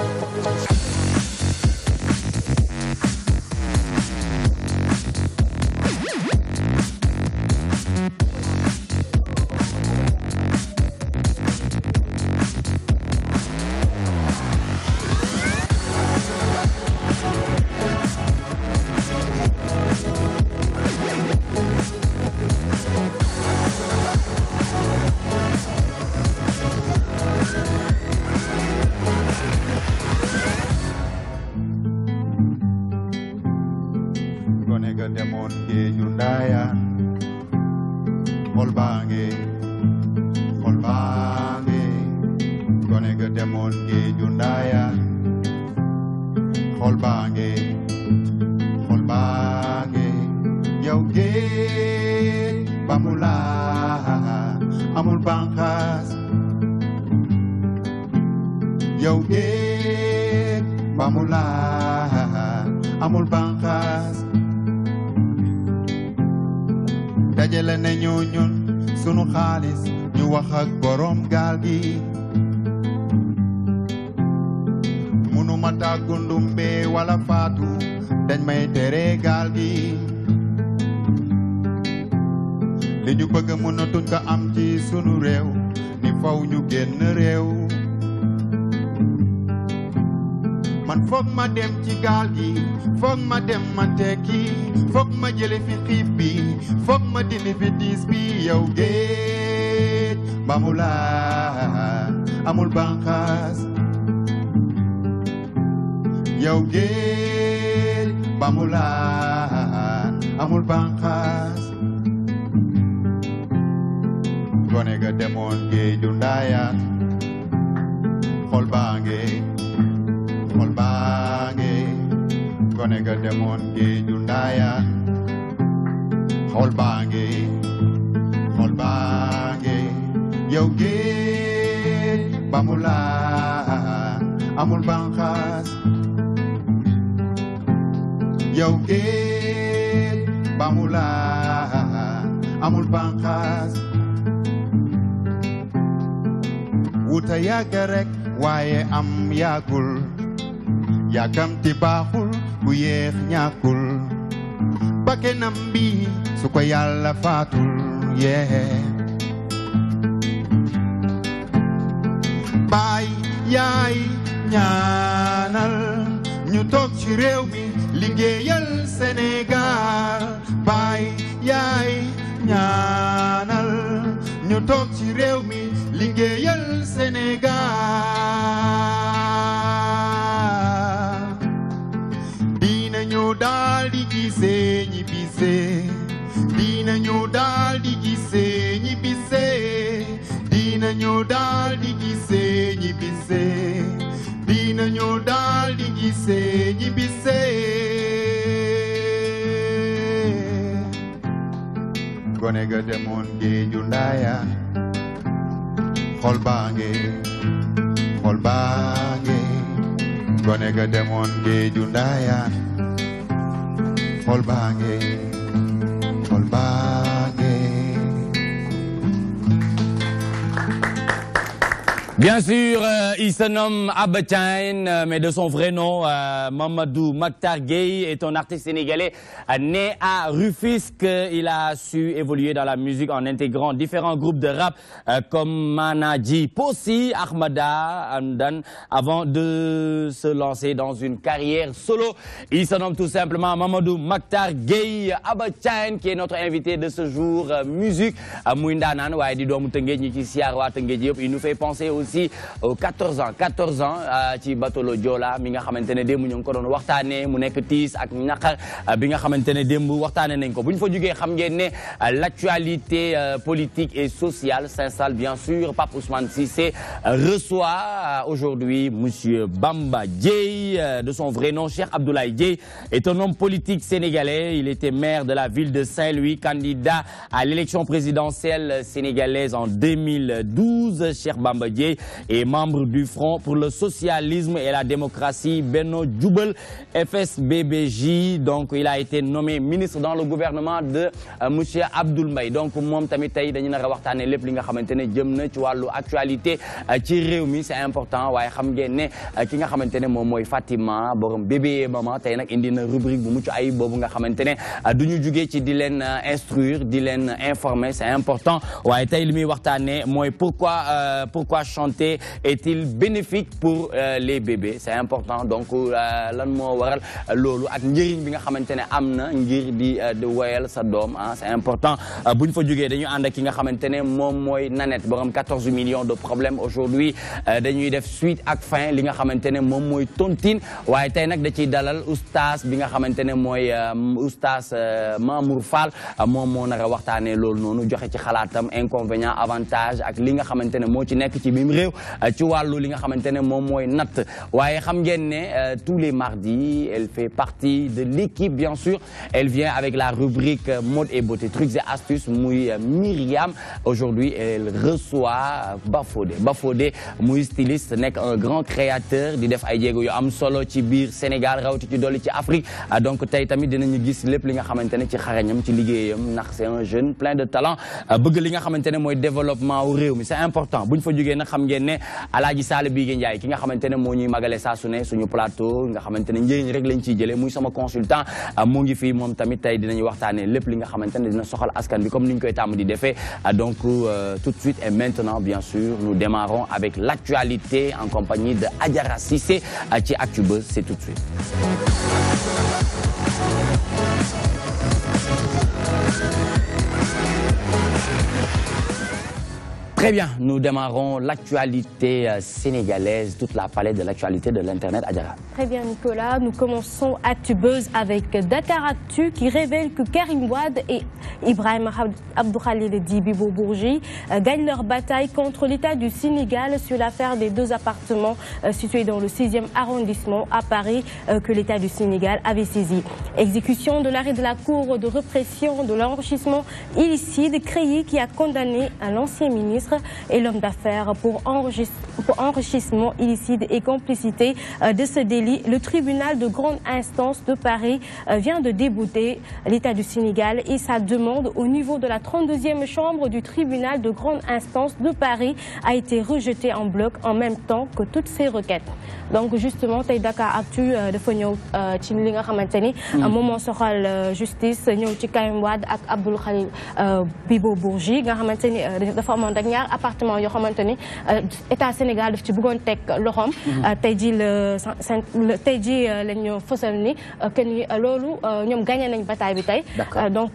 Thank you. Fatul yeah. Baay yaay ñaanal ñu toog ci réew mi liggéeyal Sénégal baay yaay ñaanal ñu toog ci réew mi liggéeyal Sénégal dina ñu daal di gisee ñi bisee ñibise ñibise dina ñu daal di gise ñibise dina ñu daal di gise ñibise gone ga demoon géeju ndaaya xol baa nge xol baa gone ga demoon géeju ndaaya xol baa nge xol baa Bien sûr, euh, il se nomme Abatine, euh, mais de son vrai nom, euh, Mamadou Maktar Gueye est un artiste sénégalais euh, né à Rufisque. Il a su évoluer dans la musique en intégrant différents groupes de rap comme Manaji Possi, Ahmada, Andan, avant de se lancer dans une carrière solo. Il se nomme tout simplement Mamadou Maktar Gueye Abatine, qui est notre invité de ce jour. musique, il nous fait penser aux si 14 euh, ans 14 ans euh, ci batolo djola mi nga xamantene dembu ñu ko doon waxtane mu nekk ak euh, bi nga l'actualité politique et sociale s'installe bien sûr Pape Ousmane Cissé reçoit aujourd'hui monsieur Bamba de son vrai nom cher Abdoulaye est un homme politique sénégalais il était maire de la ville de Saint-Louis candidat à l'élection présidentielle sénégalaise en 2012 Cher Bamba et membre du Front pour le socialisme et la démocratie, Benno Djoubel, FSBBJ. Donc, il a été nommé ministre dans le gouvernement de euh, M. Abdoul Mbaye. Donc, moi tamit tey dañu nar a vous parler li nga xamante ne jëm na ci actualité euh, ci réew c'est important waaye xam ngeen ne euh, ki nga xamante Fatima borom bébé maman tey nag indi na rubrique bu mucc ayib bobu nga xamantene duñu du ci di len instruire di len informer c'est important waye tay limi muy moy pourquoi pourquoi santé est-il bénéfique pour euh, les bébés c'est important donc euh, lan mo waral loolu ak njëriñ bi nga xamantene amna ngir di euh, de woyal sa dom hein. c'est important buñ fa jógee dañu and ak ki nga xamantene mom moy Nanette borom 14 millions de problèmes aujourd'hui dañuy def suite ak fin li nga xamantene mom moy tontine waye tay nak da ci dalal oustaz bi nga xamantene moy oustaz Mamour Fall mom mo n'a a waxtaanee loolu noonu joxe ci xalaatam inconvénient avantage ak li nga xamantene mo ci nek ci biir réew euh, ci li nga xamantene mom moy nat waaye xam ngeen euh, tous les mardis elle fait partie de l'équipe bien sûr elle vient avec la rubrique euh, mode et beauté trucs et astuces muy Myriam aujourd'hui elle reçoit Bafodé Bafodé muy styliste nek un grand créateur di def ay yu am solo ci bir Sénégal rawti ci doli ci Afrique donc tay tamit dinañu gis lepp li nga xamantene ci xarañam ci liggéeyam ndax c'est un jeune plein de talent bëgg li nga xamantene moy développement wu réew mi c'est important buñ fa jógee nak xam ngeen sale ah, bi plateau consultant ah, donc euh, tout de suite et maintenant bien sûr nous démarrons avec l'actualité en compagnie de Adjara Cissé ah, ci c'est tout de suite Très bien, nous démarrons l'actualité euh, sénégalaise, toute la palette de l'actualité de l'Internet à Très bien Nicolas, nous commençons à Tubeuse avec Dakar qui révèle que Karim Wad et Ibrahim Abdoukhalil Dibibo Bourgi euh, gagnent leur bataille contre l'État du Sénégal sur l'affaire des deux appartements euh, situés dans le 6e arrondissement à Paris que l'État du Sénégal avait saisi. Exécution de l'arrêt de la Cour de répression de l'enrichissement illicite créé qui a condamné un ancien ministre et l'homme d'affaires pour, enrichissement illicite et complicité euh, de ce délit. Le tribunal de grande instance de Paris euh, vient de débouter l'État du Sénégal et sa demande au niveau de la 32e chambre du tribunal de grande instance de Paris a été rejetée en bloc en même temps que toutes ses requêtes. donc justement Taïdaka Dakar Actu le euh, fonio, ci li nga hmm. moment sera justice ci Bibo Bourgi ñaar appartement yoo xamante euh, état Sénégal daf ci bëggoon tek loxom tay mhm. jii euh, le tay tey jii euh, fessel ni que ni lolu ñom gagné nañ bataille bi tay donc.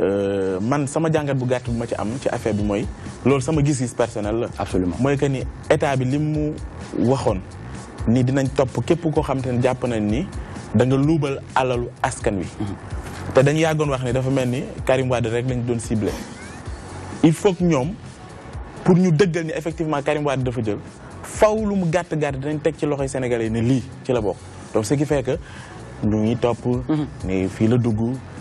Euh, man sama jangat bu gatt bu ma ci am ci affaire bi moy loolu sama gis-gis personnel la. absolument moy que ni état bi limu waxone ni dinañ top kep ko xamantene japp nañ ni da nga loubal alalu askan wi. Mhm. te dañ yàggoon wax ni dafa melni ni Karim Wade rek lañ doon cibler il faut que ñom pour ñu deugal ni effectivement Karim Wade dafa jël fawlu mu gatt gatt dañ tek ci loxoy sénégalais ni li ci la bok donc ce qui fait que ñu ngi topp. Mhm. ni fii la dugg.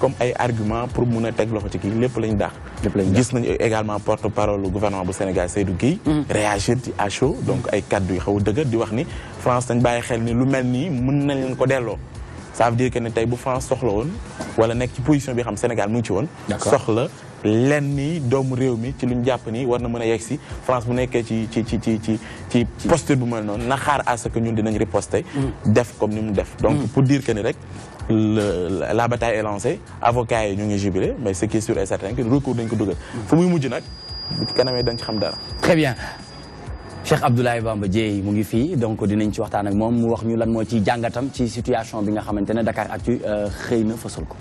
comme argument pour mon également porte parole gouvernement du Sénégal Seydou mm. à chaud donc cadre a France dañ pas ça veut dire que France soxla position bi Sénégal mu ci France bu ci ci ci ce que mm. comme donc mm. pour dire que le la bataille est lancée avocats yi ñu ngi jubilé mais ce qui est sûr et certain que recours dañ ko dugal. fu muy mujj nag bu ci kanamee dañ xam dara. très bien. Cheikh Abdoulaye Bamba Djey mu ngi fi donc dinañ ci waxtaan ak moom mu wax ñu lan mo ci jangatam ci situation bi nga xamantene Dakar actu euh, xëy na fësal ko.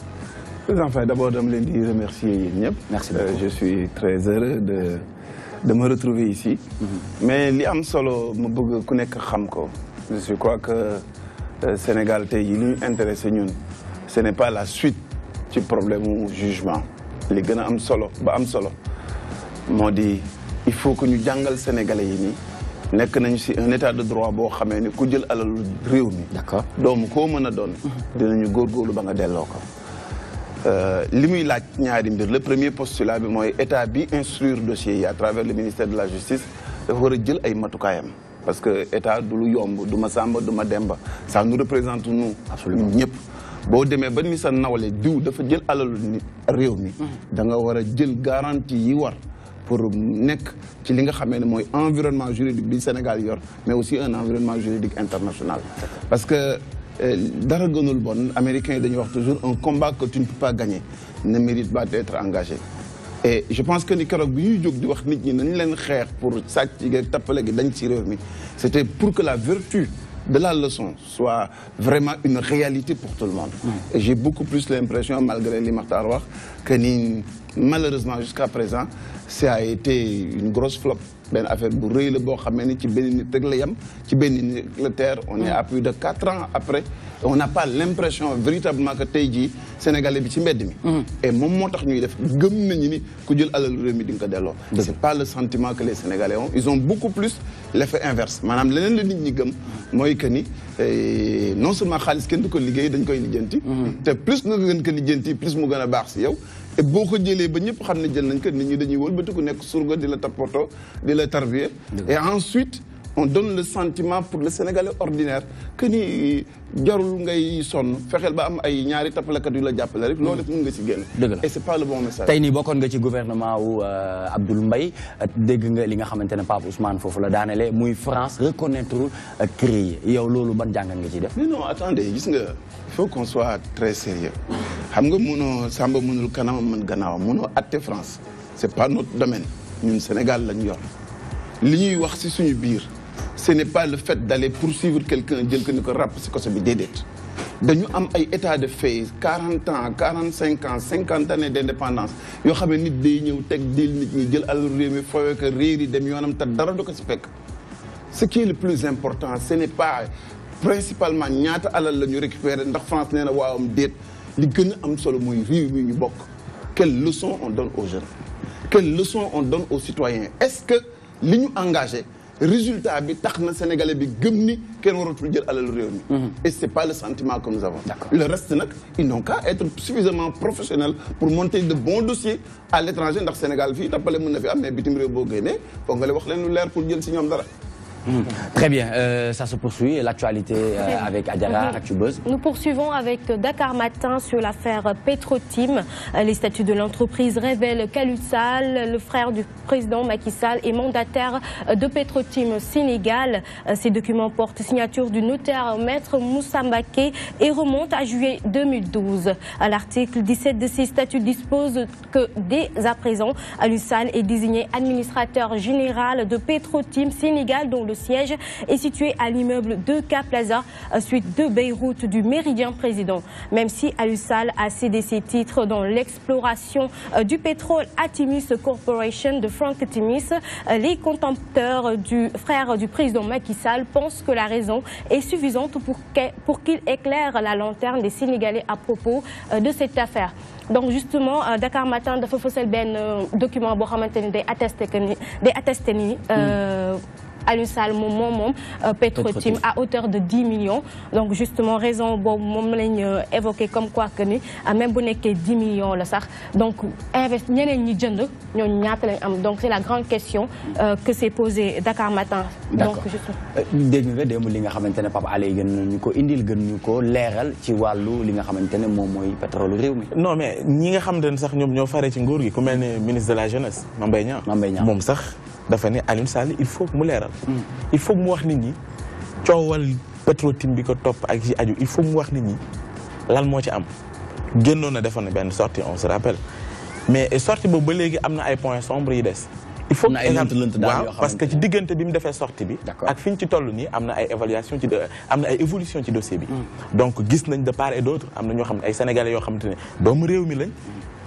président Faye d' abord dama leen di remercier yéen merci euh, beaucoup je suis très heureux de de me retrouver ici. Mm-hmm. mais li am solo mu bëgg ku nekk xam ko. je crois que. Euh, Sénégal tay yi li ñu intéressé ñun ce n'est pas la suite du problème ou jugement li gëna am solo ba am solo moo di il faut que ñu jàngal sénégalais yi ni nek nañ ci un état de droit bo xamé ni ku jël alal réew mi. d'accord doomu ko mëna a doon. Mhm. dinañu góorgóorlu ba nga delloo ko. euh limuy laaj ñaari mbir le premier postulat bi moy état bi instruire dossier à travers le ministère de la justice da war jël ay matukayam parce que l'État du du ça nous représente nous absolument. garantie pour l'environnement environnement juridique du Sénégal mais aussi un environnement juridique international parce que euh, dara gënul bon américains toujours un combat que tu ne peux pas gagner ne mérite pas d'être engagé et je pense que pour c'était pour que la vertu de la leçon soit vraiment une réalité pour tout le monde. Et j'ai beaucoup plus l'impression, malgré les Martarois, que malheureusement jusqu'à présent, ça a été une grosse flop ben affaire bu rëy la bo xamee ni ci benn nit rek la yam ci benn nit la terre on est à plus de quatre ans après on n'a pas l'impression véritablement que tey jii sénégalais bi ci mbedd mi mm-hmm. et mom motax ñuy def gëm nañ ni ku jël alal réew mi di nga ko delloo c'est pas le sentiment que les sénégalais ont ils ont beaucoup plus l'effet inverse manam leneen le nit ñi gëm moy que ni eh, non seulement xaalis kenn du ko liggéey dañ koy lijjanti mm-hmm. te plus nga gën ko lijjanti plus mu gëna baax ci yow te boo ko jëlee ba ñëpp xam ne jël nañ ko nit ñi dañuy wëlbatiku nekk surga di la tappoto di la tarbiya et ensuite on donne le sentiment pour le Sénégalais ordinaire que ni jarul ngay sonn fexel ba am ay ñaari tapalakat yu la jàppale rek. def mu nga ci génn. et c'est pas le bon message. tay ni bokkoon nga ci gouvernement wu euh, Abdoul Mbaye dégg nga li nga xamantene Pape Ousmane fofu la danelé muy France reconnaître euh, CREI yow loolu ban jàngat nga ci def. mais non attendez gis nga faut qu'on soit très sérieux xam nga munoo Samba munul kanam man gannaawam munoo atté France c'est pas notre domaine ñun Sénégal lañ yor li ñuy wax ci suñu biir ce n'est pas le fait d'aller poursuivre quelqu'un jël que ni ko rap, Nous avons bi état de fait 40 ans 45 ans 50 années d'indépendance Nous avons ne nit nous avons dil nit ñi ko ce qui est le plus important ce n'est pas principalement nous alal la ñu récupérer la France nous nous li gën am solo nous quelle leçon on donne aux jeunes quelle leçon on donne aux citoyens est-ce que nous ñu résultat bi tax na sénégalais bi gëm ni kenn waratul jël alal réew mi mhm. et c'est pas le sentiment que nous avons le reste nak ils n'ont qu'à être suffisamment professionnels pour monter de bons dossiers à l'étranger ndax Sénégal fi tapalé mën fi am mais bitim réew bo génnee foog nga wax leen lu pour jël si ñom dara Hmm. Très bien, euh, ça se poursuit, l'actualité euh, avec Adara, mhm. tubeuse. – Nous poursuivons avec Dakar Matin sur l'affaire Petro-Team. Euh, les statuts de l'entreprise révèlent qu'Alussal, le frère du président Macky Sall, est mandataire de Petro-Team Sénégal. Ces documents portent signature du notaire maître Moussa et remontent à juillet 2012. L'article 17 de ces statuts dispose que dès à présent, Alussal est désigné administrateur général de Petro-Team Sénégal dont le siège est situé à l'immeuble de K Plaza, euh, suite de Beyrouth du Méridien Président. Même si Alusal a cédé ses titres dans l'exploration euh, du pétrole à Corporation de Frank Timis, euh, les contempteurs du frère du président Macky Sall pensent que la raison est suffisante pour qu'il éclaire la lanterne des Sénégalais à propos de cette affaire. donc justement Dakar Matin dafa fësal ben document à des Aliou Sall moom moom moom euh, Petrotim à hauteur de 10 millions donc justement raison boobu moom lañ euh, évoqué comme quoi que ni euh, même bu nekkee 10 millions la sax donc invest ñeneen ñi jënd ñooñu ñaata lañ am donc c'est la grande question que s'est posée Dakar Matin donc dégg nga démb li nga xamante ne Pape Alé gën ñu ko indil gën ñu ko leeral ci wàllu li nga xamante ne moom pétrole réew non mais ñi nga xam ne sax ñoom ñoo fare ci nguur gi ku mel ministre de la jeunesse Mame Mbaye Niang moom sax dafa ne Alioune Sall il faut mu leeral. il faut mu wax nit ñi coowal Petrotim bi ko topp ak yi aju il faut mu wax nit ñi lan moo ci am génnoon na defoon na benn sortie on se rappelle mais sortie boobu ba léegi am ay points sombres yi des. il faut waaw parce que ci diggante bi mu defee sortie bi. ak fi ñu ci toll nii am ay évaluation ci am na ay évolution ci dossier bi. Mm. donc gis nañ de part et d'autre amna na ñoo xam ay sénégalais yoo xamante ne doomu réew lañ.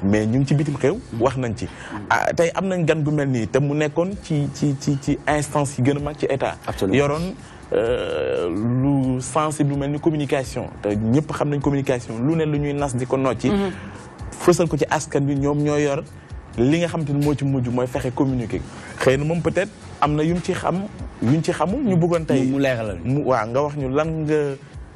mais ñu ngi ci bitim xew wax nañ ci ah, tey am nañ gan bu mel nii te mu nekkoon ci ci ci ci instance yi gën a mag ci état yoroon euh, lu sensible lu mel ni communication te ñëpp xam nañ communication lu ne lu ñuy nas di ko ci mhm. fësal ko ci askan bi ñoom ñoo yor li nga xam te ne moo ci mujj mooy fexe communiquer xëy na moom peut-être am na yu mu ci xam yuñ ci xamul ñu bëggoon tey mu leeralal mu waaw nga wax ñu lan nga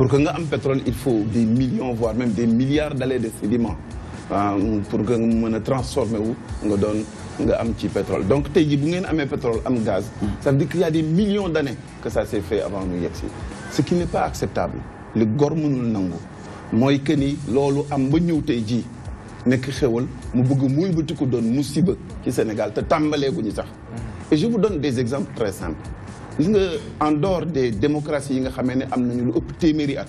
Pour que nga am pétrole, il faut des millions, voire même des milliards d'allées de sédiments euh, pour que nous transforme transformer ou nous donne un petit pétrole. Donc, si vous avez un pétrole, un gaz, ça veut dire qu'il y a des millions d'années que ça s'est fait avant nous. Ce qui n'est pas acceptable. Le gorme nous nango. Moi, que ni lolo am bonyo nous nek xewal mu bëgg muy bu tuku don musiba ci Sénégal te tambalé guñu sax. Et je vous donne des exemples très simples gis nga en dehors des démocraties yi nga xamee ne am nañu lu ëpp téeméeri at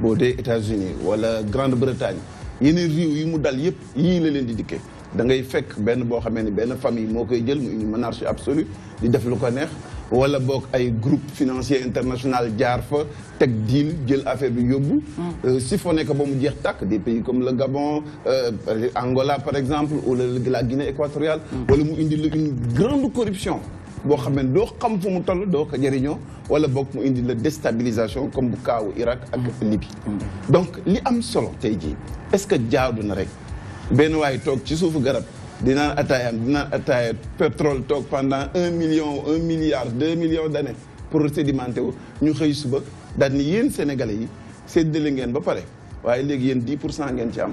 boo dee États-Unis wala Grande-Bretagne yeneen réew yi mu dal yëpp yii la leen di dikkee da ngay fekk benn boo xamee ne benn famille moo koy jël une monarchie absolue di def lu ko neex wala boog ay groupes financiers internationaux jaar fa teg deal jël affaire bi yóbbu. Mm. Euh, siphonné ko ba mu jeex tàkk des pays comme le Gabon euh, Angola par exemple ou la Guinée équatoriale. Mm. wala mu indi une grande corruption. Bohamen, do xam fu mu tollu do ko jeriño wala bok indi la déstabilisation comme cas au Irak ak Libye donc li am solo tay est-ce que jaadu na rek ben way tok ci soufu garab dina atayam dina atay pétrole tok pendant 1 million 1 milliard 2 millions d'années pour sédimenter ñu xey suba dal ni yeen sénégalais yi sédel ngeen ba paré waye yeen 10% ngeen ci am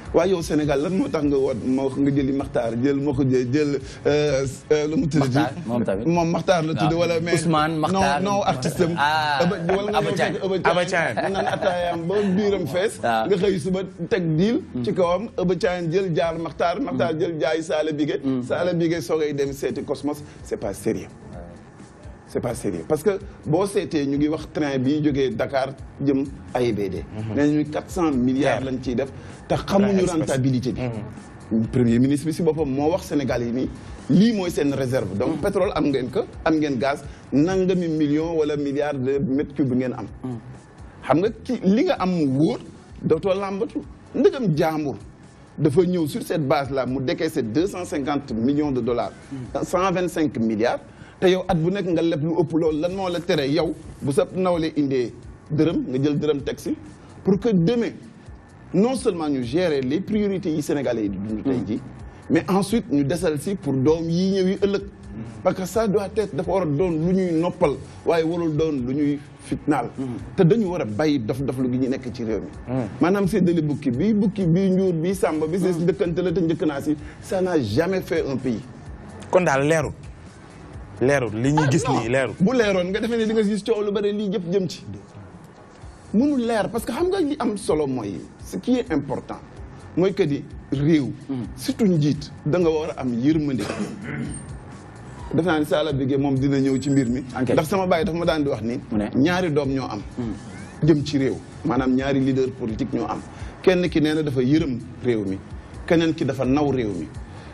waaye yow Sénégal lan moo tax nga woot moo nga jëli Maxtaar jël moo ko jël euh, euh, lu mu tudd. Maxtaar moom Maxtaar la tudd ah, wala. mais Ousmane Maxtaar non non artiste am. Ah, wala nga ñëw fekk Aba Thiam mu naan ataayaam ba biiram fees. Ah. nga xëy suba teg diil. Hmm. ci kawam Aba Thiam jël jaar Maxtaar. Maxtaar hmm. jël jaay Saala Bigué. Hmm. Saala Bigué soogay dem seeti Cosmos c'est pas sérieux c'est pas sérieux parce que boo c'était ñu ngi wax train bi jógee Dakar jëm AIBD. on a 400 mhm. milliards lañ ciy def. te rentabilité bi. Mhm. premier ministre bi si boppam moo wax Sénégal ni li moy sen réserve. donc mhm. pétrole am ngeen ko am ngeen gaz nangami million wala milliards de mètres cubes ngeen am. xam nga li nga am wóor dootoo làmbatu ndëgam jaambur dafa ñëw sur cette base là mu décaisser 250 millions de dollars. 125 milliards te yow at bu nek nga lepp lu ëpp lool lan moo la tere yow bu sa nawle indee dërëm nga jël dërëm taxi pour que demain non seulement ñu gérer les priorités yi sénégalais yi di dund tey ji mais ensuite ñu desal si pour doom yi ñëw yi ëllëg parce que ça doit être dafa war a doon lu ñuy noppal waaye warul doon lu ñuy fitnaal te dañu war a bàyyi dof dof lu gi ñu nekk ci réew mi maanaam séddale bukki bii bukki bii njuur bii sàmba bi sees njëkkante la te njëkk naa si ça n'a jamais fait un pays kon daal leeru leerul li ñuy gis ah, nii leerul. bu leeroon nga defee ne di nga gis coow lu bari lii yëpp jëm ci. mënul leer parce que xam nga li am solo mooy ce qui est important mooy que ni réew. Hmm. surtout njiit da nga war a am yërmande. def naa ni Saala Bigué moom dina ñëw ci mbir mi. ndax sama baay dafa ma daan di wax ni. ñaari doom ñoo am. Hmm. jëm ci réew maanaam ñaari leader politique ñoo am kenn ki nee na dafa yërëm réew mi keneen ki dafa naw réew mi.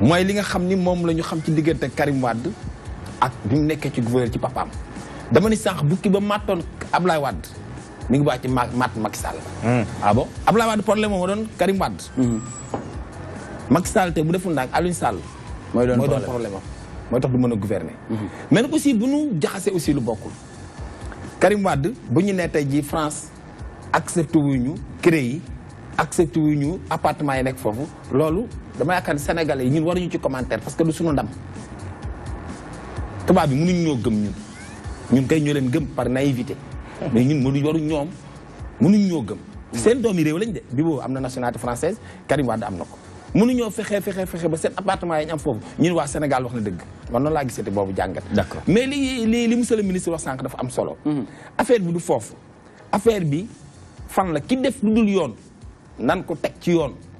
mooy li nga xam ni moom la ñu xam ci diggante Karim Wade ak bi mu nekkee ci gouverneur ci papaam dama ni sànq bukki ba màttoon Ablaye Wade mi ngi baax ci matt Macky Sall. Hmm. ah bon Ablaye Wade problème moo doon Karim Wade. Hmm. Macky Sall te bu deful ndànk Alioune Sall. mooy doon problème mooy tax du mën a gouverner. Hmm. mais aussi bu nu jaxasee aussi lu bokkul. Karim Wade bu ñu nee tey jii France accepté ñu créé yi wu ñu appartement yi nekk foofu loolu. dama yaakaar ne sénégalais yi ñun waruñu ci commentaire parce que du suñu ndam tubaab bi mënuñ ñoo gëm ñun ñun kay ñoo leen gëm par naïvité mais ñun mënuñ waruñ ñoom mënuñ ñoo gëm seen doomi réew lañ de bi boobu am na nationalité française Karim Wade am na ko mënuñoo fexe fexe fexe ba seen appartement yi ñu am foofu ñun waa Sénégal wax na dëgg man noonu laa gisee gisati boobu jàngat d'accord mais li li li monsieur le ministre wax sànq dafa am solo mm-hmm. affaire bi du foofu affaire bi fan la ki def lu yoon nan ko teg ci yoon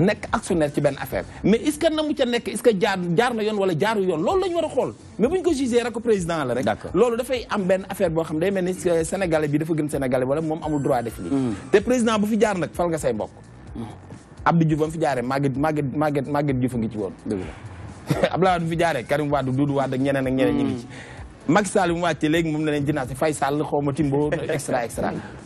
nekk actionnaire ci benn affaire mais est-ce que na mu nekk est-ce que jaar jaar na yoon wala jaaru yoon loolu la ñu war a xool mais bu ñu ko jugé rek président la rek loolu dafay am benn affaire boo xam day mel ni sénégalais bi dafa gën sénégalais wala moom amul droit def lii hmm. te président bu fi jaar nag fal nga say mbokk Abdou Diouf ba mu fi jaaree Maguette Maguette Maguette Maguette Diouf a ngi ci woon Abdoulaye Wade fi jaaree Karim Wade Doudou Wade ak ñeneen ak ñeneen ñi ngi ci hmm. Macky Sall bi mu wàccee léegi moom ne leen dinaa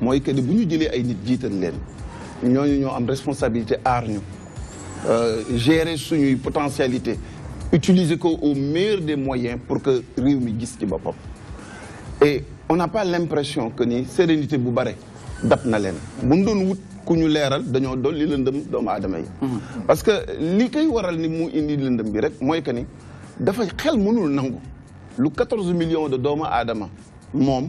moy que de buñu ñu ay nit jiital leen ñooñu ñoo am responsabilité aar ñu euh, gérer suñuy potentialité utiliser ko au meilleur des moyens pour que réew mi gis ci boppam et on n'a pas l'impression que ni sérénité bu baré dab na leen buñ doon wut ku ñu leeral dañoo doon li lëndëm doomu aadama hum. parce que li kay waral ni mu indi lëndëm bi rek moy que ni dafa xel mënul nangu lu 14 millions de doomu aadama mom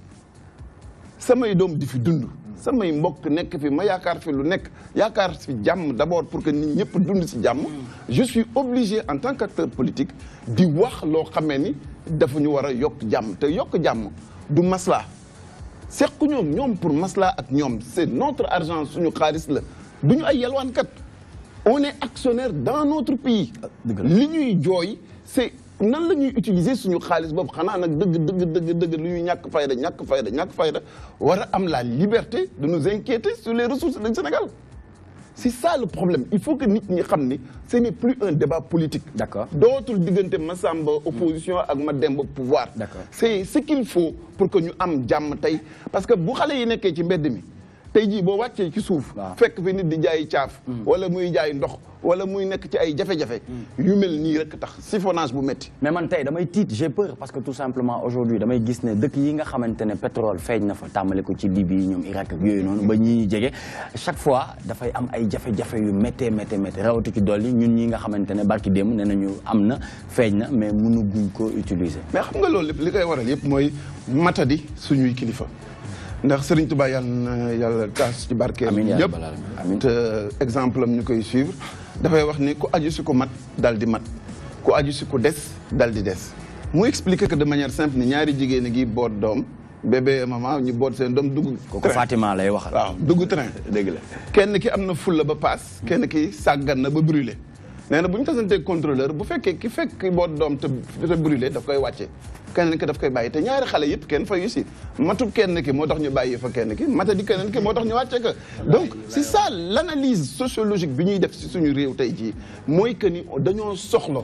samay dom di fi dund samay mbokk nek fi ma yaakaar fi lu nek yaakaar fi jamm d'abord pour que nit ñëpp dund ci jamm je suis obligé en tant qu'acteur politique di wax lo xamé ni dafa ñu wara yok jamm te yok jamm du masla. seq ñom ñom pour masla ak ñom c'est notre argent suñu xaalis la du ñu ay kat on est actionnaire dans notre pays ah, li ñuy joy c'est nan la ñuy utiliser suñu nous bob xana nak deug deug deug deug lu ñuy fayda fayda fayda am la liberté de nous inquiéter sur les ressources du Sénégal c'est ça le problème il faut que nous ñi xam ce n'est plus un débat politique d'accord d'autres diggante Massamba opposition ak le pouvoir d'accord c'est ce qu'il faut pour que ñu am jamm tay parce que bu xalé yi nekké ci mbéd mi tayji bo waccé ci souf fekk fi nit di jaay tiaf hmm. wala muy jaay ndox wala muy nek ci ay jafé jafé hmm. yu mel ni rek tax siphonage bu metti mais man tay damay tiit j'ai peur parce que tout simplement aujourd'hui damay gis né dëkk yi nga xamante pétrole feeñ na fa tamalé ko ci Libye ñom Irak ak yooyu noonu ba ñi ñi jégué chaque fois da fay am ay jafé jafé yu méttee méttee méttee rawati ci doli ñun ñi nga xamante barki dem né nañu amna na na mais mënu guñ ko utiliser mais xam nga loolu lépp li koy waral yépp moy matadi suñuy kilifa ndax Serigne Touba exemple am ñu koy suivre Il wax ni ku aju mat dal di mat aju des dal di dess expliquer que de manière simple ni ñaari jigéen gi boot bébé maman ñu dugg ko Fatima lay waxal waaw train la kenn ki amna ba kenn ki ba brûlé nena buñu bu contrôleur bu féké ki fekk bo dom doom te te brûlé daf koy waccé kenen ki daf koy bàyyi té ñaari xalé yépp kenn fa yusi matub kenn ki motax ñu bàyyi fa kenn ki mata di kenen ki motax ñu waccé ko donc c'est ça l'analyse sociologique biñuy def ci suñu réew tay ji moy que ni dañoo soxlo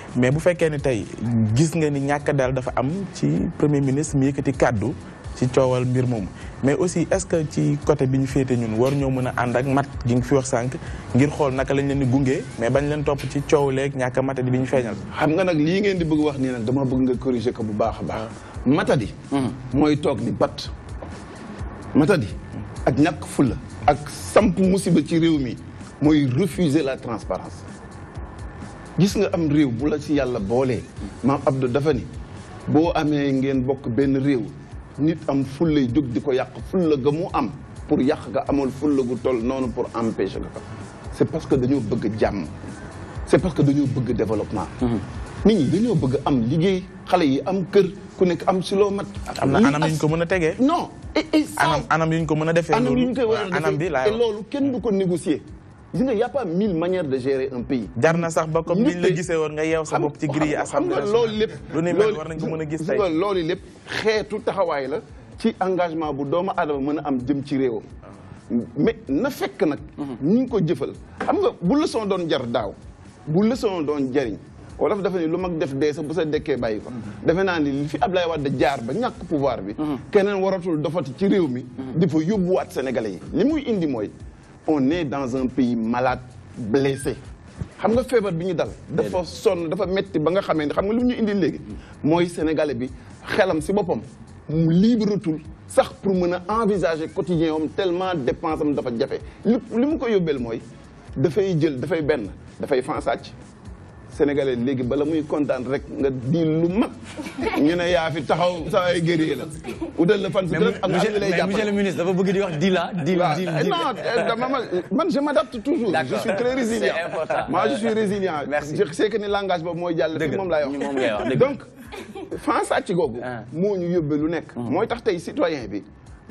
mais bu faites ni détail. gis nga ni ñàkk daal dafa am ci premier ministre mi yëkkati cadeau, ci coowal mbir moomu mais aussi est-ce que ci côté bi ñu féete ñun war ñoo mën andag ak mat gi nga fi wax sànq ngir naka lañ leen gunge mais bañ leen top ci coow leeg ñàkk a matadi bi ñu feeñal. xam nga nag lii ngeen di bëgg wax nii nag dama bëgg nga corriger ko bu baax a baax. Ah. matadi. Hmm. mooy toog di bat. matadi. ak ñàkk fulla ak sampu musiba ci réew mi refuser la transparence gis nga am réew bu la ci yàlla boolee maam Abdou dafa ni boo amee bokk benn réew nit am jóg di ko am pour yàq ga amul fulla gu toll non pour empêcher c'est parce que dañoo bëgg jàmm c'est parce que dañoo bëgg développement mhm. nit ñi dañoo bëgg am liggéey yi am kër ku am anam a non anam anam ñu ko anam négocier. Il n'y a pas mille manières de gérer un pays. Darna Il comme ni la nga un a engagement de a mais ne que son Il n'y jar pas de leçon de dafa ni lu mag def sa bu sa ni pouvoir bi. Mhm. keneen waratul dofati mhm on est dans un pays malade blessé xam nga fait dal dafa son, dafa metti ba nga ne xam nga indi sénégalais bi si boppam mu libretul sax pour mën envisager quotidien homme tellement dépense am dafa a li une faire des sénégalais légui bala muy rek le ministre bëgg di wax di la di di je m'adapte toujours je suis très résilient moi je suis résilient je sais que ni langage bob donc fan ci ah. ñu lu hmm. tax citoyen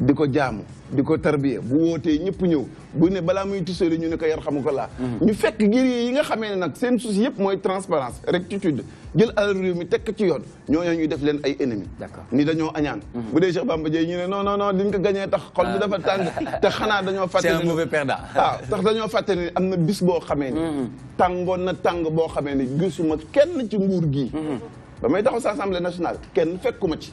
di ko jaamu di ko tarbiya bu wootee ñëpp ñëw bu ne balaa muy tisori ñu ne ko yar xamu ko laa mhm. ñu fekk ngir yi nga xamee ne nag seen souci yëpp mooy transparence rectitude jël alal réew mi tekk ci yoon ñooñu ñuy def leen ay ennemis nii dañoo añaan mhm. bu dee Cheikh Bamba ñu ne non non non diñ ko tax xol bi dafa tàng te xanaa dañoo fàtte c'est un mauvais perdant dañoo fàtte am na bis boo xamee ni mhm. tàngoon na tàng boo xamee ne gisuma kenn ci nguur gii ba may taxaw sa assemblée nationale kenn fekkuma ci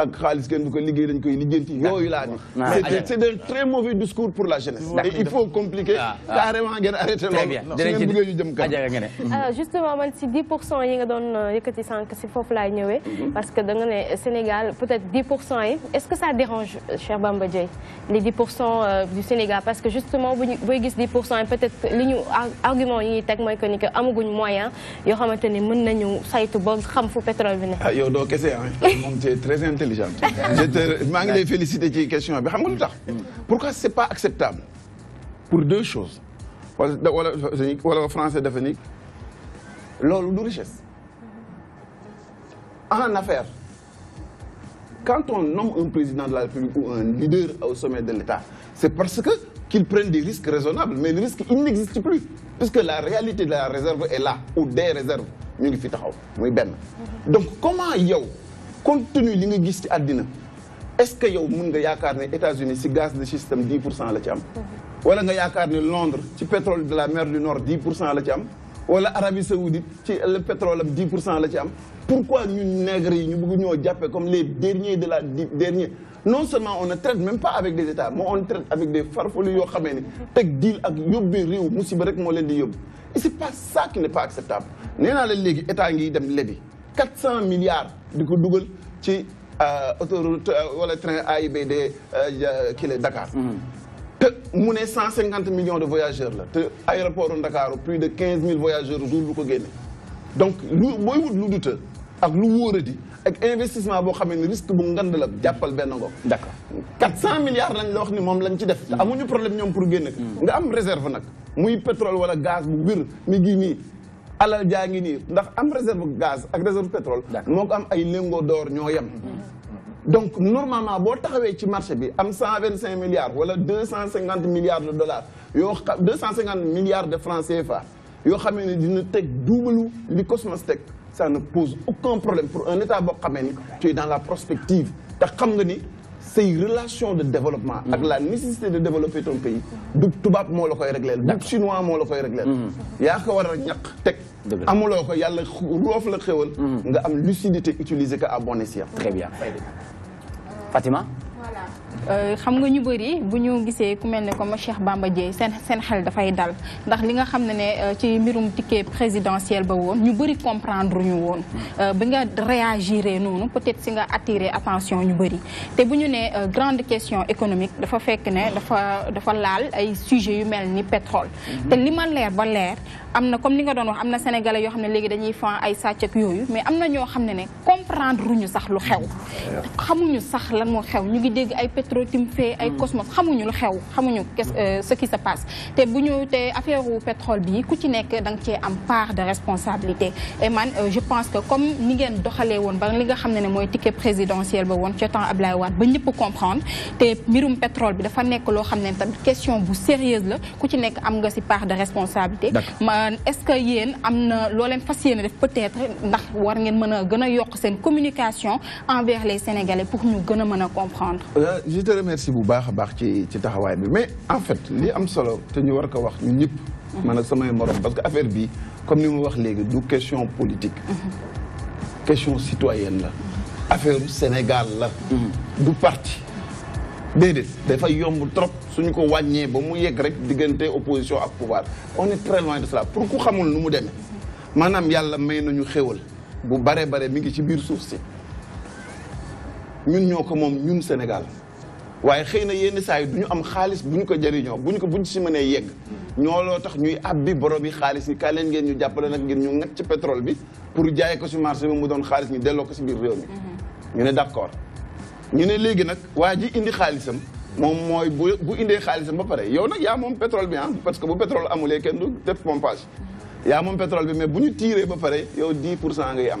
ak kenn ko dañ koy ni c'est un très mauvais discours pour la jeunesse et il faut compliquer ah. carrément arrêtez. arrêté euh, justement man si 10 pour cent yi nga doon euh, yëkkati sànq si parce que da nga Sénégal peut-être 10 est-ce que ça dérange cher Bamba Dieye les 10 euh, du Sénégal parce que justement vous booy gis 10 et peut-être li ñu argument yi ñuy teg mooy que ni que amaguñ moyen yoo xamante ne mën nañu saytu ba xam fu pétrole bi Ah yow doo kese ah moom c'est très intelligente je te pourquoi c'est pas acceptable pour deux choses Voilà, que wala français richesse en affaire, quand on nomme un président de la République ou un leader au sommet de l'État c'est parce que qu'ils prennent des risques raisonnables mais le risque il n'existe plus puisque la réalité de la réserve est là ou des réserves donc comment yo compte tenu li nga est-ce que États-Unis gaz de système 10 la mhm. la Ou Londres pétrole de la mer du Nord 10 la Arabie Saoudite le pétrole 10 la pourquoi nous, nègres, nous comme les derniers de la dernière non seulement on ne traite même pas avec des états mais on traite avec des farfelus qui deal avec pas ça qui n'est pas acceptable Nous, les les des 400 milliards de Google qui autoroute ou le train AIBD qui euh, euh, est Dakar. Nous avons 150 millions de voyageurs. L'aéroport de Dakar, plus de 15 000 voyageurs jour le jour. Donc, si vous avez des doutes, et l'investissement, vous avez un risque de vous faire D'accord. 400 milliards de dollars, nous avons des problèmes pour nous. Mm-hmm. Nous avons des réserves. Nous avons du pétrole ou du gaz, mais nous avons alal y ni, des ndax am réserve gaz ak réserve pétrole qui am ay lingots d'or donc normalement bo taxawé ci marché bi am cent milliards wala 250 milliards de dollars 250 milliards de francs CFA yo xamé une dina double li Cosmos tech, ça ne pose aucun problème pour un état qui est dans la prospective ta xam nga ni ces relation de développement avec la nécessité de développer ton pays du tubaab moo la koy régler du chinois moo la à régler mm-hmm. yaa ko war a ñaq amuloo y a le la xéwal mm-hmm. nga am lucidité utilisée que à bon escient. très bien Fatima. voilà. Euh, xam nga ñu bëri bu ñu gisee ku mel ne comme Cheikh Bamba Dièye seen seen xel dafay dal ndax li nga xam ne ne euh, ci mbirum ticket présidentiel ba woon ñu bëri comprendre ñu woon euh, bi nga réagiré noonu peut-être si nga attirer attention ñu bëri te bu ñu ne grande question économique dafa fekk ne dafa dafa laal ay sujet yu mel ni pétrole mhm. te li ma leer ba leer am na comme ni nga doon wax am na sénégalais yoo xam ne léegi dañuy fan ay sàcc ak yooyu mais am na ñoo xam ne ne comprendre ñu sax lu xew xamuñu sax lan moo xew ñu ngi dégg ay pétrole Petro-Tim fee ay mm. Cosmos xamuñu lu xew xamuñu euh, ce qui se passe te bu ñu te affaire pétrole bi ku ci nekk da nga am part de responsabilité et man euh, je pense que comme ni ngeen doxalee woon ba li nga xam ne ne mooy ticket présidentiel ba woon ca temps Ablaye Wade ba ñëpp comprendre te mbirum pétrole bi dafa nekk loo xam ne tamit question bu sérieuse la ku ci nekk am nga si part de responsabilité man est-ce que yéen am na loo leen fas yéene peut-être ndax war ngeen mën a gën a yokk seen communication envers les Sénégalais pour ñu gën a mën comprendre euh, je te remercie beaucoup mais en fait li am solo te ñu wax ñun man parce que comme du question politique. question citoyenne la. affaire Sénégal la. Mm-hmm. parti. nous dafa yomb trop de ko ba mu yegg rek opposition pouvoir on est très loin de cela pour nous xamul nu mu may nañu bu Sénégal. waaye xëy na yenn saa yi du ñu am xaalis bu ñu ko jëriñoo bu ñu ko buñ ñu si mënee yegg. ñoo loo tax ñuy abbi borom yi xaalis yi kaay leen ngeen ñu jàppale nag ngir ñu ngacc ci pétrole bi pour jaay ko si marché bi mu doon xaalis ñu delloo ko si mm-hmm. ñu ne d' accord ñu ne léegi nag waa ji indi xaalisam. moom mooy bu bu indee xaalisam ba pare yow nag yaa moom pétrole bi ah parce que bu pétrole amulee kenn du def pompage. Mm-hmm. yaa moom pétrole bi mais bu ñu tiiree ba pare yow 10 pour cent ngay am.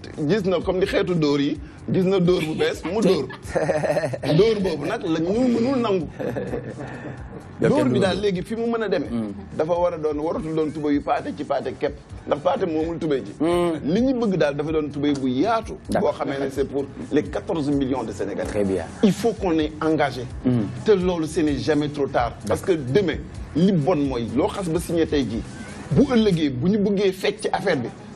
gis na comme ni xeetu dóor yi gis na dóor bu bees mu dóor dóor boobu nag la ñu mënul nangu dóor bi daal léegi fi mu mën a demee mm. dafa war a doon waratul doon tubéy yu paate ci paate kepp ndax paate moomul tubéy ji mm. li ñu bëgg daal dafa doon tubéy bu yaatu boo xamee ne c'est pour les 14 millions de Sénégalais très bien il faut qu'on est engagé mm. te loolu ce n'est jamais trop tard parce que demain li bon mooy loo xas ba signé tey jii bu ëllëgee bu ñu bëggee fecc affaire bi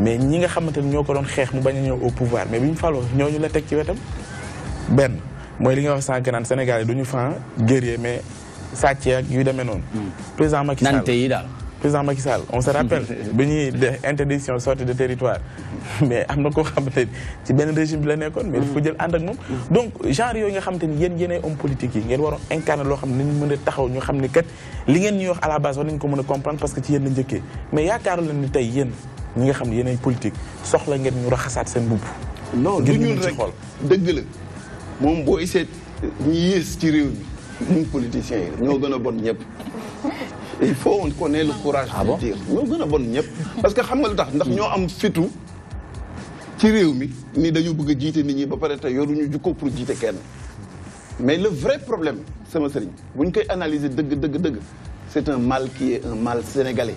mais ñi nga xamanteni ñoko ñoo ko doon xeex mu baña a au pouvoir mais biñu ñu ñoñu la tek ci wétam ben moy li nga wax sànq naan Sénégal duñu du fan guerrier mais sàcc ak yu démé non hmm. président Macky Sall nante yi dal président Macky Sall on se rappelle bi ñuy de interdiction sortie de territoire mais am na koo xamante ci ben régime bi la nekkoon. mais fu hmm. jël and ak moom. Hmm. donc genre yo nga xamanteni yeen yéen homme politique yi ngeen waro incarner lo xamni ñu mëna taxaw ñu xamni kat li ngeen ñu wax à la base war nañu ko mëna comprendre parce que ci yeen la njëkkee mais yaakaaru leen ni tay yeen ñi nga xam ne yéenay politique soxla ngeen ñu raxasaat seen bubb non du ñun rek dëgg la moom booy seet ñi yées ci réew mi ñun politiciens yi ñoo gën a bon ñëpp il faut on connaît le courage ah de dire ñoo gën a bon ñëpp parce que xam nga lu tax ndax ñoo am fitu ci réew mi ni dañu bëgg a jiite nit ñi ba pare te yoruñu jukko pour jiite kenn mais le vrai problème sama sëriñ buñ koy analyser dëgg dëgg dëgg c'est un mal qui est un mal sénégalais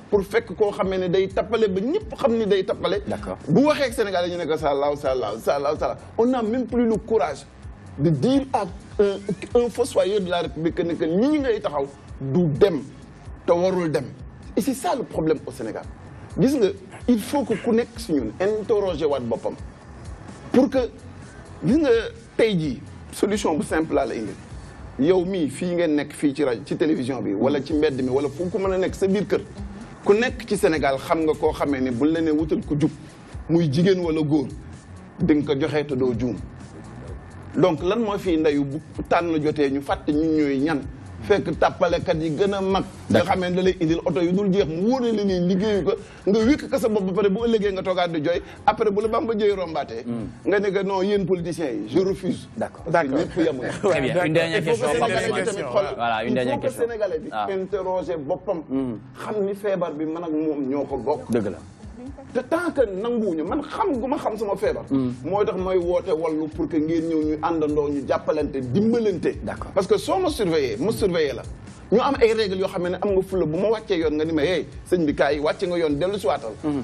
pour fekk koo xamee ne day tappale ba ñëpp xam ni day d'accord bu waxee ak Sénégal ñu ne ko ça laaw ça laaw ça laaw ça on n'a même plus le courage de dire à un fossoyeur de la République que ñi ñi ngay taxaw du dem te warul dem et c'est ça le problème au Sénégal gis nga il faut que ku nekk si ñun interroger waat bopam pour que gis que tey solution bu simple laa la indi yow mi, fii ngeen nekk fi ci rajo ci télévision bi wala ci mbedd mi wala fu ku mëna a nekk sa bir kër ku nekk ci Sénégal xam nga koo xamee ne buñ la nee wutal ku jub muy jigéen wala góor di ko joxe te doo juum donc lan moo fi ndeyu bu tànn jotee ñu fàtte ñu ñëwee ñan. fekk tàppalekat yi gën a mag nga xam ne da lay indil oto yu dul jeex mu wóor ne ni liggéeyu ko nga wékk ko sa bopp ba pare bu ëllëgee nga toogaat di joy après bu la Bamba Dièye rombaatee hmm. nga ne que non yéen politiciens yi je refuse d'accord d'accord très bien une dernière question voilà une dernière question il sénégalais bi ah. interroger boppam hmm. xam ni feebar bi man ak moom ñoo ko bokk la te tant que nanguwuñu man xam gu ma xam suma feebar. Mm. mooy tax may woote wallu pour que ngeen ñëw ñu àndandoo ñu jàppalante dimbalante. d'accord parce que soo ma surveiller ma surveiller la. ñu am ay règles yoo xam ne am nga fula bu ma wàccee yoon nga ni ma hey sëñ bi kaay wàcce nga yoon dellu si waatal. Mm-hmm.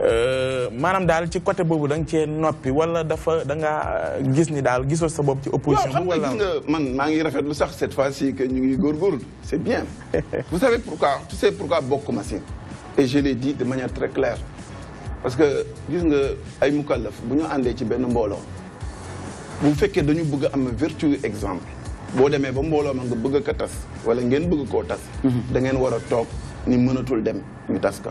Euh, manam dal ci côté bobu dang ci nopi wala dafa da nga euh, gis ni daal gisoo sa bob ci opposition. xam man maa ngi lu sax cette fois-ci que ñu ngi gor c'est bien. vous savez pourquoi tu sais pourquoi bokkuma si. et je l'ai dit de manière très claire parce que gis nga ay mukallaf bu ñu andé ci ben mbolo bu fekkee dañu bëgg am vertu exemple bo démé ba mbolo ma nga bëgg ka tass wala ngeen bëgg ko tass mhm. da ngeen wara tok ni mënatul dem ñu tass ka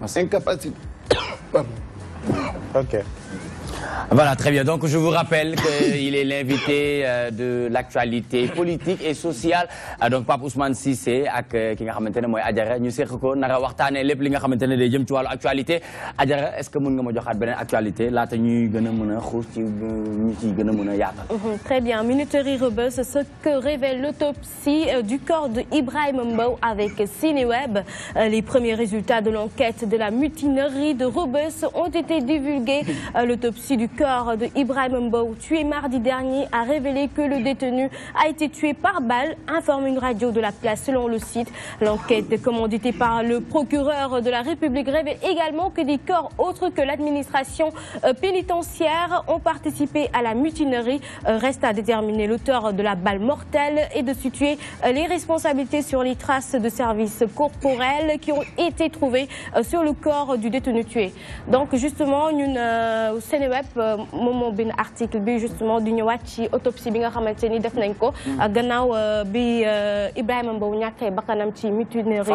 Assim. Incapacidade. ok. Voilà, très bien. Donc, je vous rappelle qu'il est l'invité euh, de l'actualité politique et sociale. Euh, donc, Pape Ousmane Cissé ak euh, ki nga xamante ne mooy Adjara ñu seq ko nara waxtaanee lépp li nga xamante ne jëm ci wàllu actualité. Adjara est-ce que mën nga ma joxaat de actualité laata ñuy gën a mën a xuus ci ñu a mhm, très bien Minuterie Rebeuss ce que révèle l'autopsie du corps de Mbou avec Cineweb. les premiers résultats de l'enquête de la mutinerie de Rebeuss ont été divulgués. l'autopsie du corps de Ibrahim Mbou, tué mardi dernier, a révélé que le détenu a été tué par balle, informe une radio de la place selon le site. L'enquête commanditée par le procureur de la République révèle également que des corps autres que l'administration euh, pénitentiaire ont participé à la mutinerie. Euh, reste à déterminer l'auteur de la balle mortelle et de situer euh, les responsabilités sur les traces de services corporels qui ont été trouvées sur le corps du détenu tué. Donc justement, une scène web euh, moom moo article bi justement du ñëwaat ci autopsie bi nga xamante ni def nañ ko hmm. gannaaw euh, bi euh, Ibrahima Mbow ñàkkee bakkanam ci mutinerie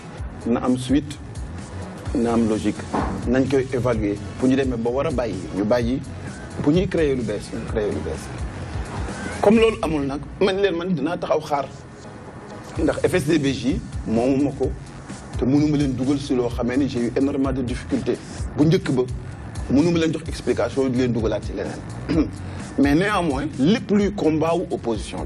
na am suite na am logique nañ koy évaluer Pour ñu ba war a ñu bàyyi pour créer le bees créer le comme loolu amul nag man leen man dinaa taxaw xaar ndax FSDBJ te leen j'ai eu énormément de difficultés bu njëkk ba mënuma leen jox explication leen dugalaat mais néanmoins les plus combat ou opposition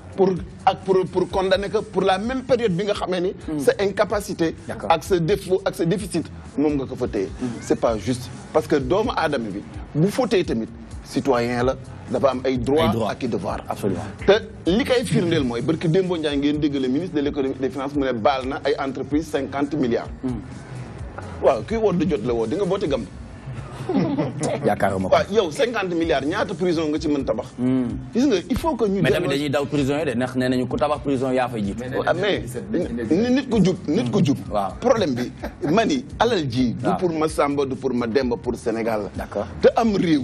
pour ak pour pour condamner que pour la même période bi nga xamee ni hmm. incapacité ak ce défaut ak ce déficit nous nga ko fa hmm. c'est pas juste parce que d'homme aadama bi bu fautez tamit citoyen la dafa am ay droits ak des devoirs absolument te li est firndeel mooy barki démboo Ndiaye ngeen le ministre de l'économie des finances mu ne baal na ay entreprises 50 milliards qui kuy wodd jot la woo di nga booti gam yaakaaruma ko. waaw yow cinquante milliards ñaata prison nga ci mën tabax. Hmm. gis il faut que ñu. mais tamit dañuy daw prison yi de ndax nee nañu ku tabax prison yaa fay jiitu. mais ah, nit ku jub nit ku jub. waaw problème bi mani alal ji. du pour ma Samba du pour ma Demba pour Sénégal la. d'accord te am réew.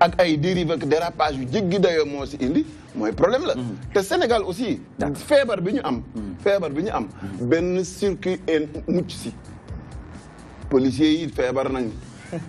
ak ay dérive ak dérapage yu jéggi dayoo moo si indi mooy problème la mhm. te Sénégal aussi feebar bi ñu am mhm. feebar bi ñu am mhm. benn circuit en mucc si policiers yi feebar nañ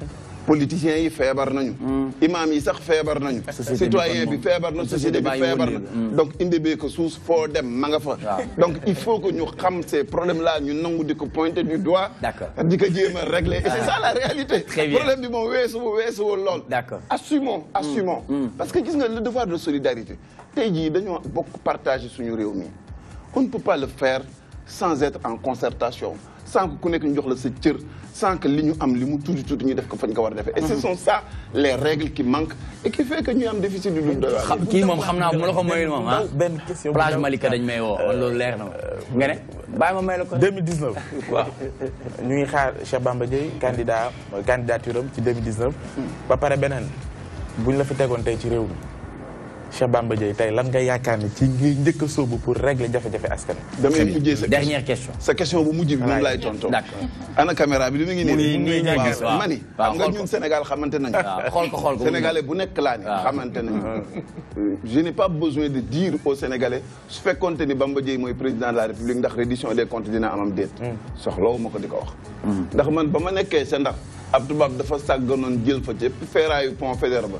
politiciens yi febar nañu. Hmm. imams yi sax febar nañu. citoyens bi febar na société bi febar na. donc indi bee ko suus dem ma nga fa. donc il faut que ñu xam ces problèmes là ñu nangu diko pointer du doigt. D'accord. que Dieu régler et c'est ça la réalité. problème bi moom ce weesuwul lool. d'accord assumons hmm. assumons. Hmm. parce que gis nga le devoir de solidarité tay ji dañu bokk partager suñu réew on ne peut pas le faire sans être en concertation sans que ku nekk ñu jox la sa cër sans que li ñu am li mu tuuti tuuti ñu def ko fañ ko war a et ce sont ça les règles qui manquent et qui fait que nous am déficit du dund. Qui kii moom xam naa mu la ko ah. question plage Malika dañ may wo loolu euh, leer na nga ne bayma may la ko. 2019 waaw. ñuy xaar Cheikh Bamba dieu candidat candidature ci 2019. Hmm. ba paré benen buñ la fi téggon tay ci réew mi. Cheikh Bamba Dièye tey lan nga yakane ci ngay njëkk sobu pour régler jafé jafé askan dernière question. sa question bu mujj bi lay laay d'accord ana caméra bi mi ngi nii. ni ngi ma xam nga ñun Sénégal xamante nañ xol ko xol ko Sénégalais bu nek la ni xamante nañu. je n'ai pas besoin de dire aux Sénégalais su fekkonte ni Bamba Dièye mooy président de la République ndax reddition des comptes dina am am dette hmm. ma ko diko wax. Hmm. ndax man bama ma nekkee sa ndax abdou bab dafa sàgganoon jël fa ca feeraayu pont Faidherbe ba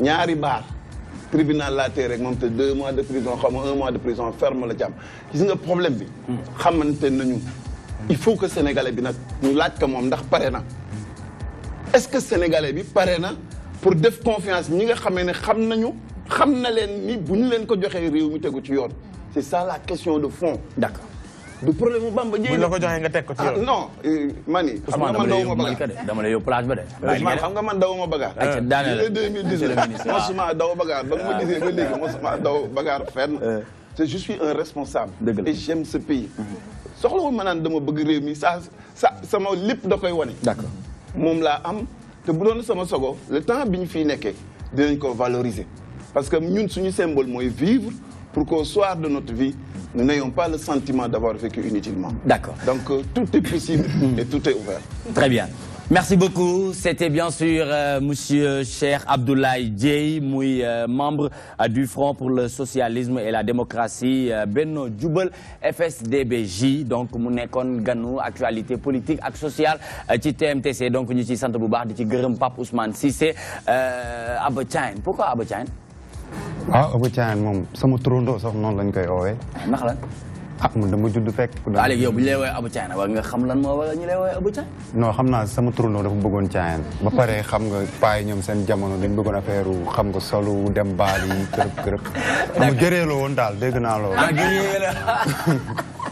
ñaari bar tribunal la été deux mois de prison un mois de prison ferme le jam c'est un problème bi. Hmm. il faut que sénégalais bi ñu laaj est-ce que sénégalais bi pour faire confiance ñi nous savons nous ni c'est ça la question de fond. d'accord du problème Bamba Dieye la ko joxee nga teg ko ci yow. Ah, non eh, mani yi. Ousmane dama lay yóbbu dama lay yóbbu place ba de. Ousmane xam nga man dawuma baga ayca daanaka 2010 2018 mosuma daw baga ba nga ma gisee ba léegi mosuma daw bagaar fenn. Eh. c'est je suis un responsable. et j'aime ce pays. soxlawul won naan dama bëgg réew mi sa sa sama lepp da koy wane. d'accord mom la am te bu doon sama sogo le temps bi fi fiy dinañ ko valoriser parce que ñun suñu symbole moy vivre pour qu'au soir de notre vie, nous n'ayons pas le sentiment d'avoir vécu inutilement. D'accord. Donc euh, tout est possible mm. et tout est ouvert. Très bien. Merci beaucoup. C'était bien sûr euh, Monsieur Cher Abdoulaye Djei, euh, membre du Front pour le socialisme et la démocratie Benno Djoubel, FSDBJ donc Mounekon nekkoon actualité politique et sociale ci TMTC donc ñu ci sainte bu baax di ci gërëm Pape Ousmane Cissé pourquoi Aba waaw Abou Thiam moom sama turandoo sox noonu lañ koy oowee. ndax lan. ah man dama judd fekk. waaw ah, yow bu ñu lay woowee Abou Thiam war xam na moo waral xam naa sama turandoo dafa bëggoon Thiam. ba pare xam nga paa ñoom seen jamono dañ bëggoon affaire xam nga solu dem baal yi kërëb kërëb. d' accord woon daal dégg naa loolu. Ah,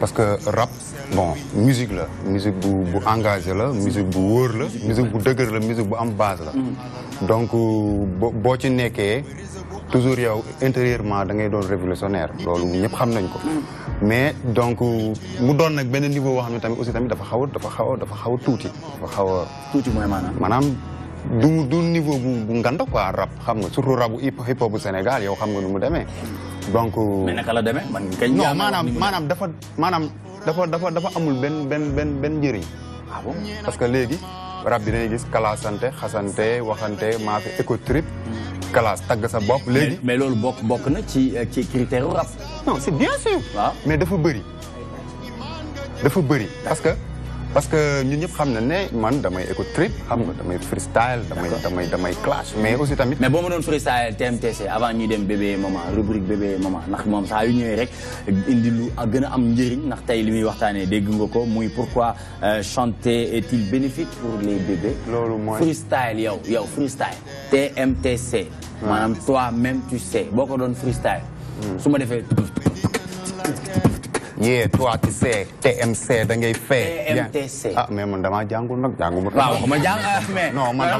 parce que rap bon musique la musique bu bu la musique bu la musique bu la musique bu am base là. donc toujours intérieurement révolutionnaire xam nañ ko mais donc mu don nak niveau Tout. tamit aussi tamit dafa xaw dafa xaw dafa xaw xaw du niveau rap hip hop au Sénégal yow xam nga nu mu donc mais naka la demee man kañ. non maanaam dafa maanaam dafa dafa dafa amul benn benn benn benn njëriñ. Ah parce que léegi rab bi dañuy gis kalaasante xasante waxante maa fi écotrip. kalaas tagg sa bopp léegi. mais loolu bokk bokk na ci ci critère rab. non c'est bien sûr. waaw mais dafa bëri. dafa bëri parce que. parce que ñun ñëpp xam na ne man damay éco trip xam nga damay freestyle damay damay damay clash mais aussi tamit mais boo ma freestyle TMTC avant nous dem bébé maman rubrique bébé maman ndax moom saa yu ñëwee rek indi lu gën a am njëriñ ndax tey li muy waxtaanee nga ko muy pourquoi euh, chanter est-il bénéfique pour les bébés freestyle yow yow freestyle TMTC Madame toi même tu sais Beaucoup ko freestyle hmm. su ma defee yee toi tu sais TMC da ngay fee. TMTC ah mais man damaa jàngul nag jàngu ma. man dama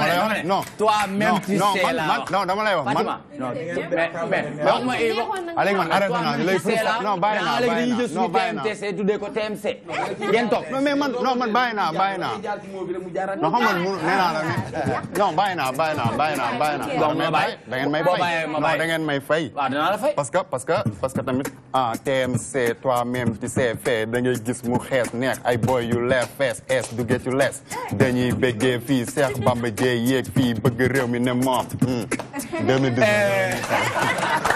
lay wax non. toi même tu sais la man. non naa lay non bàyyi naa bàyyi naa non man non man la mais non bàyyi naa naa bàyyi may fay parce que parce que tamit TMC toi même. dem ci CFEE da ngay gis mu head neex I boy you left fast. ass to get you yu lees dañuy béggee fii Cheikh Bamba Dieye yéeg me bëgg réew mi ne moom 2019 hmm.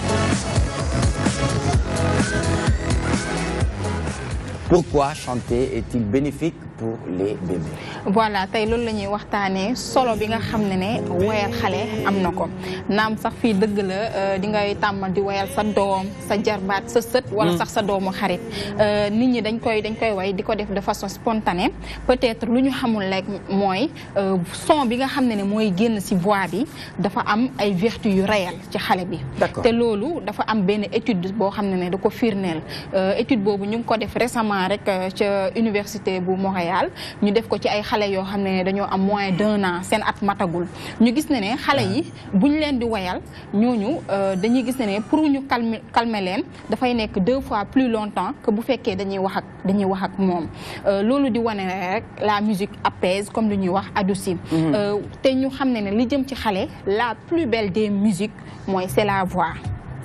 Pourquoi chanter est-il bénéfique les bébés. voilà solo bi nga xamné né woyal Nam la euh, di ngay di sa dom, sa sa wala hmm. sax sa xarit. Euh, nit ñi dañ koy dañ koy way def de façon spontanée peut-être nous xamul lek moy euh son bi nga xamné génn ci voix bi dafa am ay étude euh, étude récemment rek université bu Montréal. Sénégal ñu def ko ci ay xale yoo xam ne am moins d'un an seen at matagul ñu gis ne ne xale yi buñ leen di woyal ñooñu euh, dañuy gis ne pour ñu calmer calmer leen dafay nekk deux fois plus longtemps que bu fekkee dañuy wax ak dañuy wax ak moom euh, loolu di wane rek la musique apaise comme lu ñuy wax adoucit mm-hmm. euh, te ñu xam ne ne li jëm ci xale la plus belle des musiques mooy c'est la voix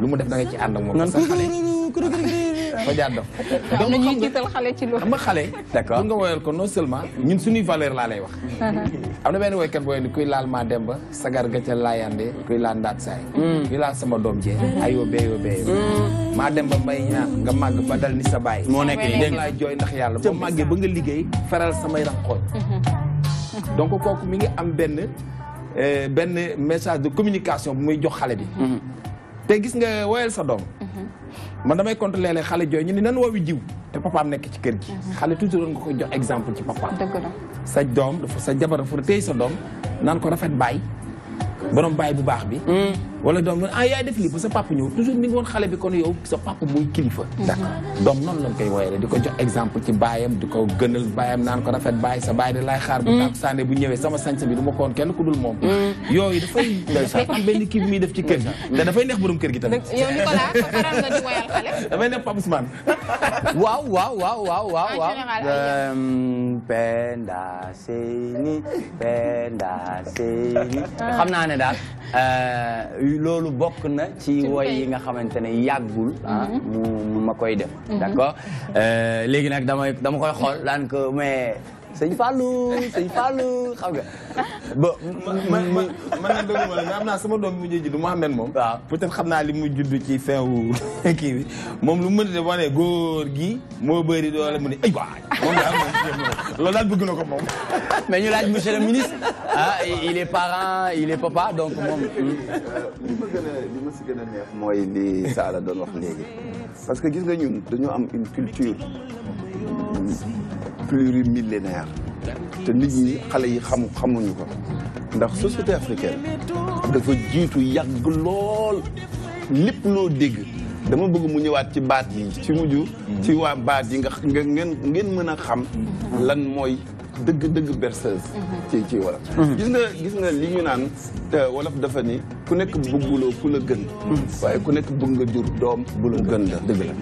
lu mu def da nga ci ànd ak moom. naan ko ba jaar dof. donc dañuy jiital xale ci loolu. xam nga xale. d'accord nga woyal ko non seulement ñun suñuy valeur laa lay wax. am na benn woykat booy kuy laal Ma dem sagar ga ca laayande kuy laal ndaat saay. Hmm. kuy laal sama doom jee. Hmm. may ñaan nga ba dal ni sa ndax ba nga feral samay raxoon. Mm-hmm. donc kooku mi ngi am eh, benn message de communication bu muy jox bi. Mm-hmm. te gis nga woyal sa doom. Mhm. man damay contrôler le xale jooy ñu ne nan woowi jiw te papaam nekk ci kër gi. Mhm. xale toujours nga koy jox exemple ci papaam. sa doom dafa sa jabar dafa téye sa doom naan ko rafet bàyyi. borom baay bu baax bi. Hmm. wala doom ah yaay def lii ba sa papa ñëw toujours ni nga woon xale bi kon yow sa papa muy kilifa. d'accord doom noonu lañ koy wooyee di ko jox exemple ci baayam di ko gënal baayam naan ko rafet bàyyi sa baay de laay xaar. bu hmm. tàggu saane bu ñëwee sama sañse bi du ma ko woon kenn ku dul moom. Hmm. yooyu dafay dafay am benn bi muy def ci kër gi. te dafay neex borom kër gi tamit. yow Nicolas ko faral nga di woyal xale. dafay neex Pape Ousmane. waaw waaw waaw waaw waaw waaw. Ah. xam naa ne daal euh, loolu bokk na ci woy yi nga xamante ne yàggul ah mhm. mu ma koy def mhm. d'accord euh, léegi nag damay dama koy xool daan ko mais sëñ Fallou sëñ Fallou xam nga. ba man man man nag dëgg am naa sama doom bi mu jëj du Mouhamed moom. waaw peut-être xam naa li mu judd ci fin kii bi moom lu mu mënti wax ne góor gi moo bari doole mu ne ay waay moom daal daal bëgg na ko moom. mais ñu laaj monsieur le ministre ah, il est parent il est papa donc moom. li ma a li ma si gën a neex mooy li Sala doon wax léegi parce que gis nga ñun dañu am une culture. plurimillénaire te nit ñi xale yi xam xamuñu ko ndax société africaine dafa jiitu yàgg lool lépp loo dégg dama bëgg mu ñëwaat ci baat yi ci mujj. ci waa baat yi nga ngeen ngeen mën a xam lan mooy deug deug berceuse. Mhm. ci ci wala. Mhm. gis nga gis nga li ñu naan wolof dafa ni ku nekk bugulo ku la gën. Mhm. waye ku nek bu nga jur dom bu la gën la dëgg la.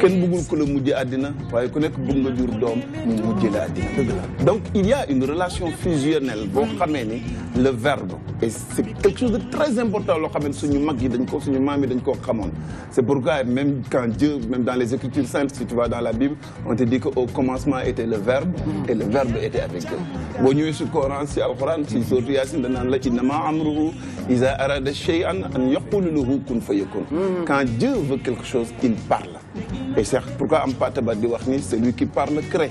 kenn bëggul ku la mujjé adina waye ku nek bu nga jur dom mu mujj la adina deug la donc il y a une relation fusionnelle bo xamé ni le verbe et c'est quelque chose de très important c'est pourquoi même quand Dieu même dans les écritures saintes si tu vas dans la Bible on te dit qu'au commencement était le verbe et le verbe était avec eux. quand Dieu veut quelque chose il parle et c'est pourquoi am lui celui qui parle crée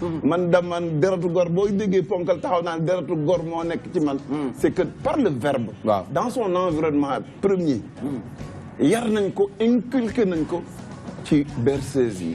Mm-hmm. man da man deratu gor boy déggee ponkal taxaw naan deratu gor mo nek ci man mm-hmm. c'est que par le verbe dans son environnement premier mm-hmm. yar nañ ko inculqué nañ ko ci berceuse yi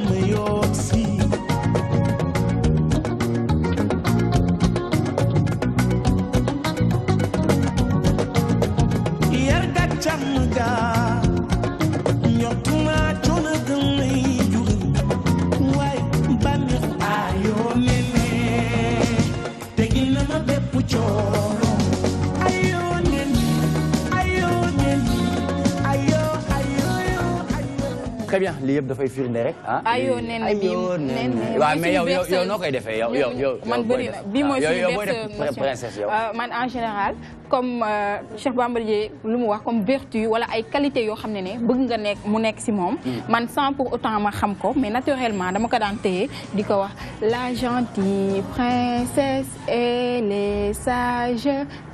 jam ga très bien lii yëpp dafay firnde rek ah. ayoo nen bi nen waaw mais yow yow noo koy defee yow yow yow. man bëri na bii ah, mooy suñu def princesse euh, man en général comme euh, Cheikh Bambadier lu mu wax comme vertu wala ay qualité yo xam ne ne bëgg nga nekk mu nekk si mom, hmm. man sans pour autant ma xam ko mais naturellement dama ko daan téye di wax la gentille princesse et est sage.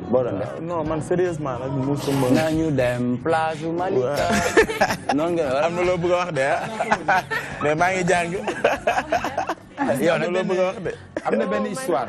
bon non man sérieusement nag musuma. na ñu dem plage Mali. non nga am na loo bëgg a wax de ah. maa ngi jàng. yow nag loo bëgg a am na benn histoire.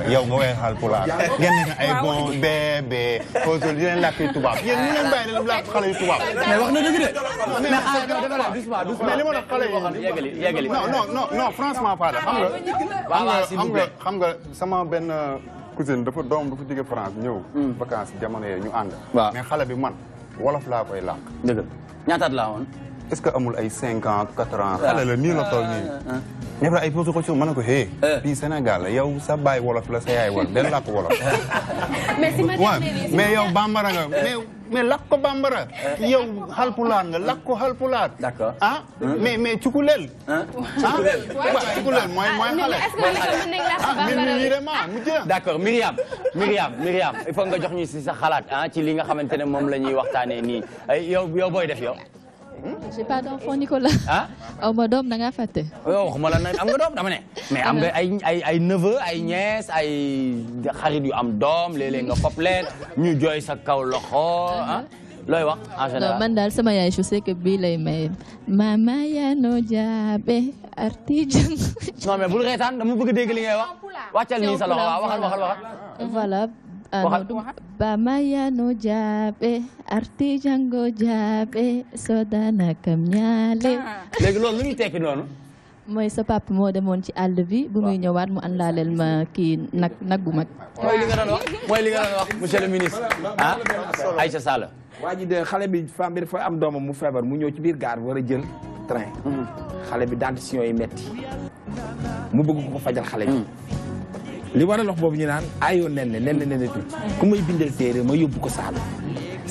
yow nga koy xaal pulaar ngeen nekk ay bon tubaab yéen ñu leen bàyyi leen làkk xale tubaab. non non non franchement xam nga. xam nga xam nga sama benn dafa doom dafa jóge France ñëw. vacances jamono yee ñu ànd. mais xale bi man wolof laa koy làkk. dëgg ñaataat laa woon. est-ce que amul ay 5 ans 4 ans. xale la ni ah, ah, ah. Eh. la toll nii. ñebe ay pose question manako hé bi Sénégal yow sa bay wolof la sa yay wol ben lak wolof. mais si ma mais yow bambara nga mais mais làkk ko bambara. Eh. yow halpulaar nga lak ko halpulat d'accord ah mais hmm? mais cukuleel. ah cukuleel mooy mooy xale. ah mi mi d'accord miriam miriam miriam il faut nga jox ñu ci sa xalat ah ci li nga xamantene mom lañuy waxtane ni eh, yow yow boy def yow. j'ai pas d'enfant Nicolas. ah aw ma doom da ngaa fàtte. waxuma la am nga doom dama ne. mais am nga ay ay ay neveu ay ñees ay xarit yu am doom léeg-léeg nga fopp leen ñu jooy sa kaw loxo ah. looy wax en général man daal sama yaay je sais que bii lay may mama yano jaabe artijan non mais bul reetaan dama bëgg dégg li ngay wax wàccal waxal waxal waxal voilà ano ɗum bamayano jaaɓe arti janngo jaaɓe sodana kam ñaale ah. léegi loolu lu ñuy tekki noonu mooy sa papa moo demoon ci àll bi bu muy ñëwaat mu àndaaleel ma kii nag nag mag mooy li nga wax mooy li ministre ah, ah Aïcha Sall waa de xale bi femme bi dafa am doomam mu feebar mu ñëw ci biir gaar war a jël train hmm. xale bi dentition yi metti mu bëgg ko fajal xale bi hmm. li war a lox boobu ñu naan ayoon nen ne nen ne nen ku may bindal téere ma yóbbu ko Saalum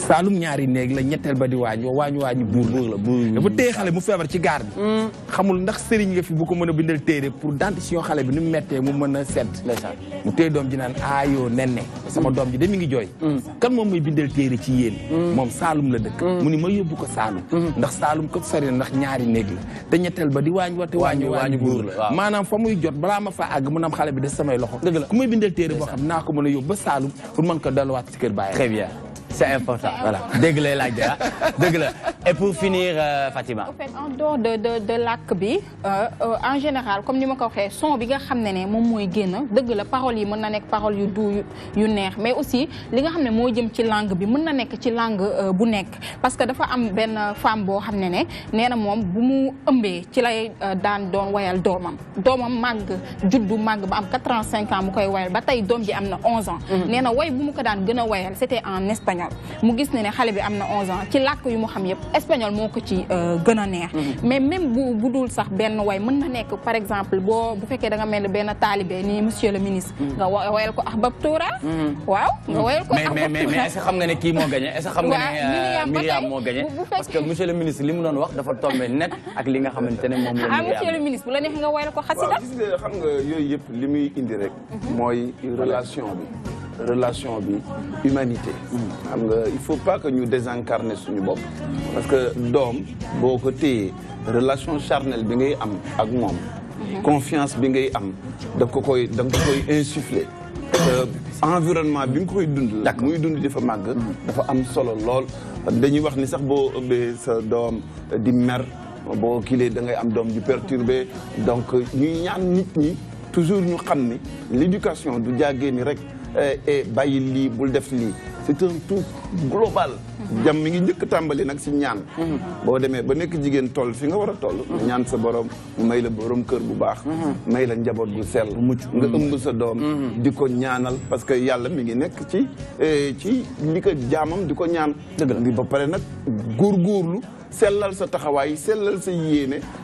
saalum ñaari néeg la ñetteel ba di waañ wa waañu waañu buur la dafa téye xale mu feebar ci gaar mm. xamul ndax sëriñ nga fi bu ko mën a bindal téere pour dentition xale bi ni mu mettee mu mën a set mu téye doom ji naan aayoo nenne sama mm. doom ji de mi ngi jooy mm. kan moom mooy bindal téere ci yéen moom saalum la dëkk mu ni ma yóbbu ko saalum ndax saalum ko sori ndax ñaari néeg la te ñetteel ba di waañ wa te waañu waañu buur la maanaam fa muy jot balaa ma faa àgg mu naam xale bi des samay loxo ku may bindal téere boo xam naa ko mën a yóbbu ba saalum pour mën ko delluwaat ci kër bàyyi c'est important voilà Dégle la laaj de ah. et pour finir euh, Fatima. en fait en dehors de de de làkk euh, euh, en général comme nous ma ko son bi nga xam ne ne moom mooy dégle dëgg la yi mën na yu du yu neex mais aussi li nga mon ne jëm langue bi mon na langue bu nekk. parce que dafa am ben femme bo néné ne ne na mon bu mu ëmbee ci lay dans doon wayal Domam doomam mag juddu am quatre ans cinq ans mu koy wayal ba tey am onze ans. Mm-hmm. nee na way bu mu ko daan c'était en espagnol espagnol mu gis ne ne xale bi am na 11 ans ci làkk yu mu xam yëpp espagnol moo ko ci euh, gën a neex mhm. mais même bu bu dul sax benn way mën na nekk par exemple boo bu fekkee da nga mel ni benn taalibe nii monsieur le ministre mhm. nga wayal ko ahbab Toura. Mhm. waaw nga wayal ko ahbab Toura. mais mais est-ce xam nga ne kii moo gagné est-ce xam nga ne euh, Myriam moo gagné parce que monsieur le ministre li mu doon wax dafa tombé net ak li nga xamante ne moom la ah monsieur le ministre bu la neex nga wayal ko xasida gis nga xam nga yooyu yëpp li muy indi rek mooy relation bi relation bi humanité xam il faut pas que ñu désincarner suñu bopp parce que doom boo ko relation charnelle bi ngay am ak moom mhm. confiance bi ngay am daf ko koy daf ko koy insuffler environnement bi nga koy dund ak muy dund di fa màgg mhm. dafa am solo lool dañuy wax ni sax boo ëmbee sa doom di mer boo kilee da ngay am doom ju perturbé donc ñuy ñaan nit ñi toujours ñu xam ni l'éducation du jàggee ni rek eh, eh, bàyyi lii bul def lii c'est un global. jàmm mi ngi njëkk tàmbali nag si ñaan. boo demee ba nekk jigéen toll fi nga war a toll. ñaan sa borom mu may la borom kër bu baax. may la njaboot gu sel mucc nga ëmb sa doom. di ko ñaanal parce que yàlla mi ngi nekk ci eh, ci li ko jaamam di ko ñaan. dëgg ba pare nag góorgóorlu sellal sa taxawaay selal sa yéene.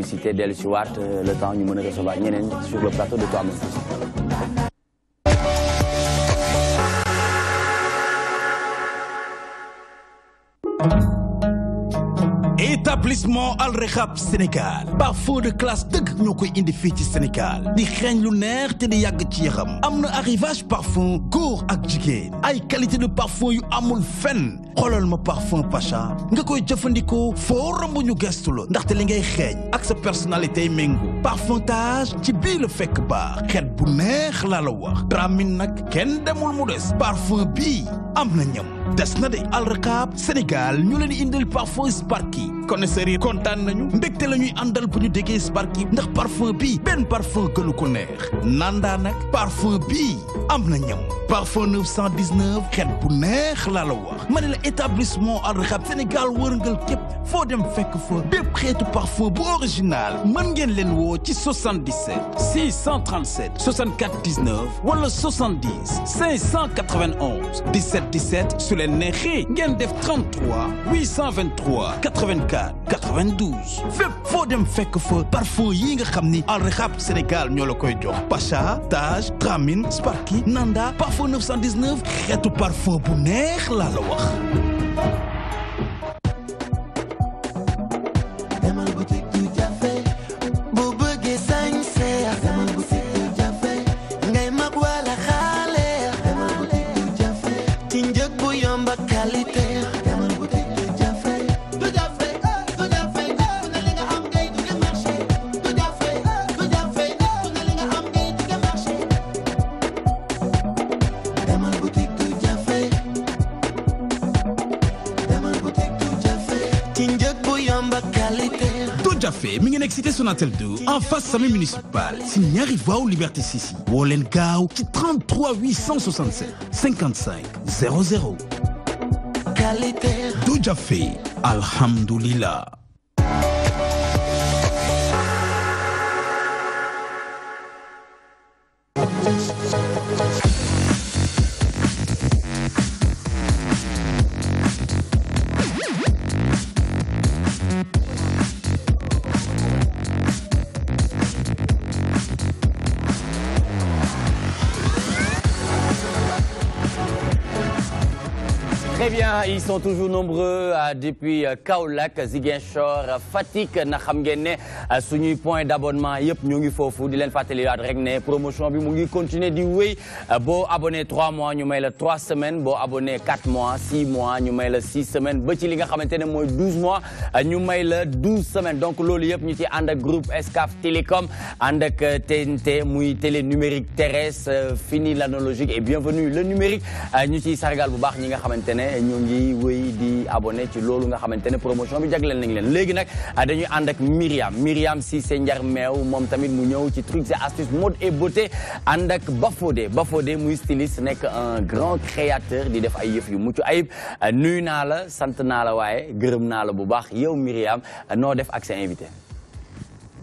publicité d'El si euh, le temps ñu mën recevoir ñeneen sur le plateau de toi établissement Al Rehab Sénégal parfum de classe de ñoo indi fi ci Sénégal di xéñ lu neex te di yag ci arrivage parfum court ak jigéen ay qualité de parfum yu amul fenn xolal ma parfum Pacha nga koy jëfëndiko fo rombu ñu gestu la li ngay ak sa personnalité mengo. Parfumage, ci bi le fekk bar. xet bu neex la wax nak demul parfum bi amna des na de alrakaab Sénégal ñu leen indil parfum Sparky connaisseurs yi kontaan nañu ndegte la ñuy àndal bu ñu déggee Sparky ndax parfum bii benn parfum gënu ko neex nanda nag parfum bii am parfum 919 xet bu neex la wax mané établissement Al Rahab Sénégal wërngal képp fo dem fekk fo parfum bu original mën ngeen wo ci 77 637 6419 19 70 591 17 17 su leen def 33 823 84 92 fépp fo dem fekk fo parfum yi nga xamni Al Sénégal ñoo koy jox Pacha Taj Tramin Sparky nanda parfum 919 tout parfum pour neex la loi café mi ngi nekk cité 2 en face sami municipale si n'y voie liberté 6 liberté woo 33 867 55 00 qualité du alhamdulillah ils sont toujours nombreux euh, depuis euh, Kaolack Ziguinchor Fatique na à point d'abonnement yep ñu ngi foofu di leen promotion bi mu ngi continuer di wéy euh, abonné 3 mois ñu may 3 semaines bo abonné 4 mois 6 mois ñu may 6 semaines ba ci li nga ne 12 mois ñu may 12 semaines donc loolu yep ñu ci groupe SCAF Telecom ànd TNT muy télé numérique terrestre fini l'analogique et bienvenue le numérique ñu ciy sargal bu baax ñi nga ne ngi wéy di abonné ci loolu nga xamante ne promotion bi jagleel nañ leen léegi nag dañuy ànd ak Myriam Myriam Cissé Njar Meew moom tamit mu ñëw ci trucs et astuces mode e beauté ànd ak Bafodé Bafodé muy styliste nekk un grand créateur di def ay yëf yu mucc ayib nuyu naa la sant naa la waaye gërëm naa la bu baax yow Myriam noo def ak sa invité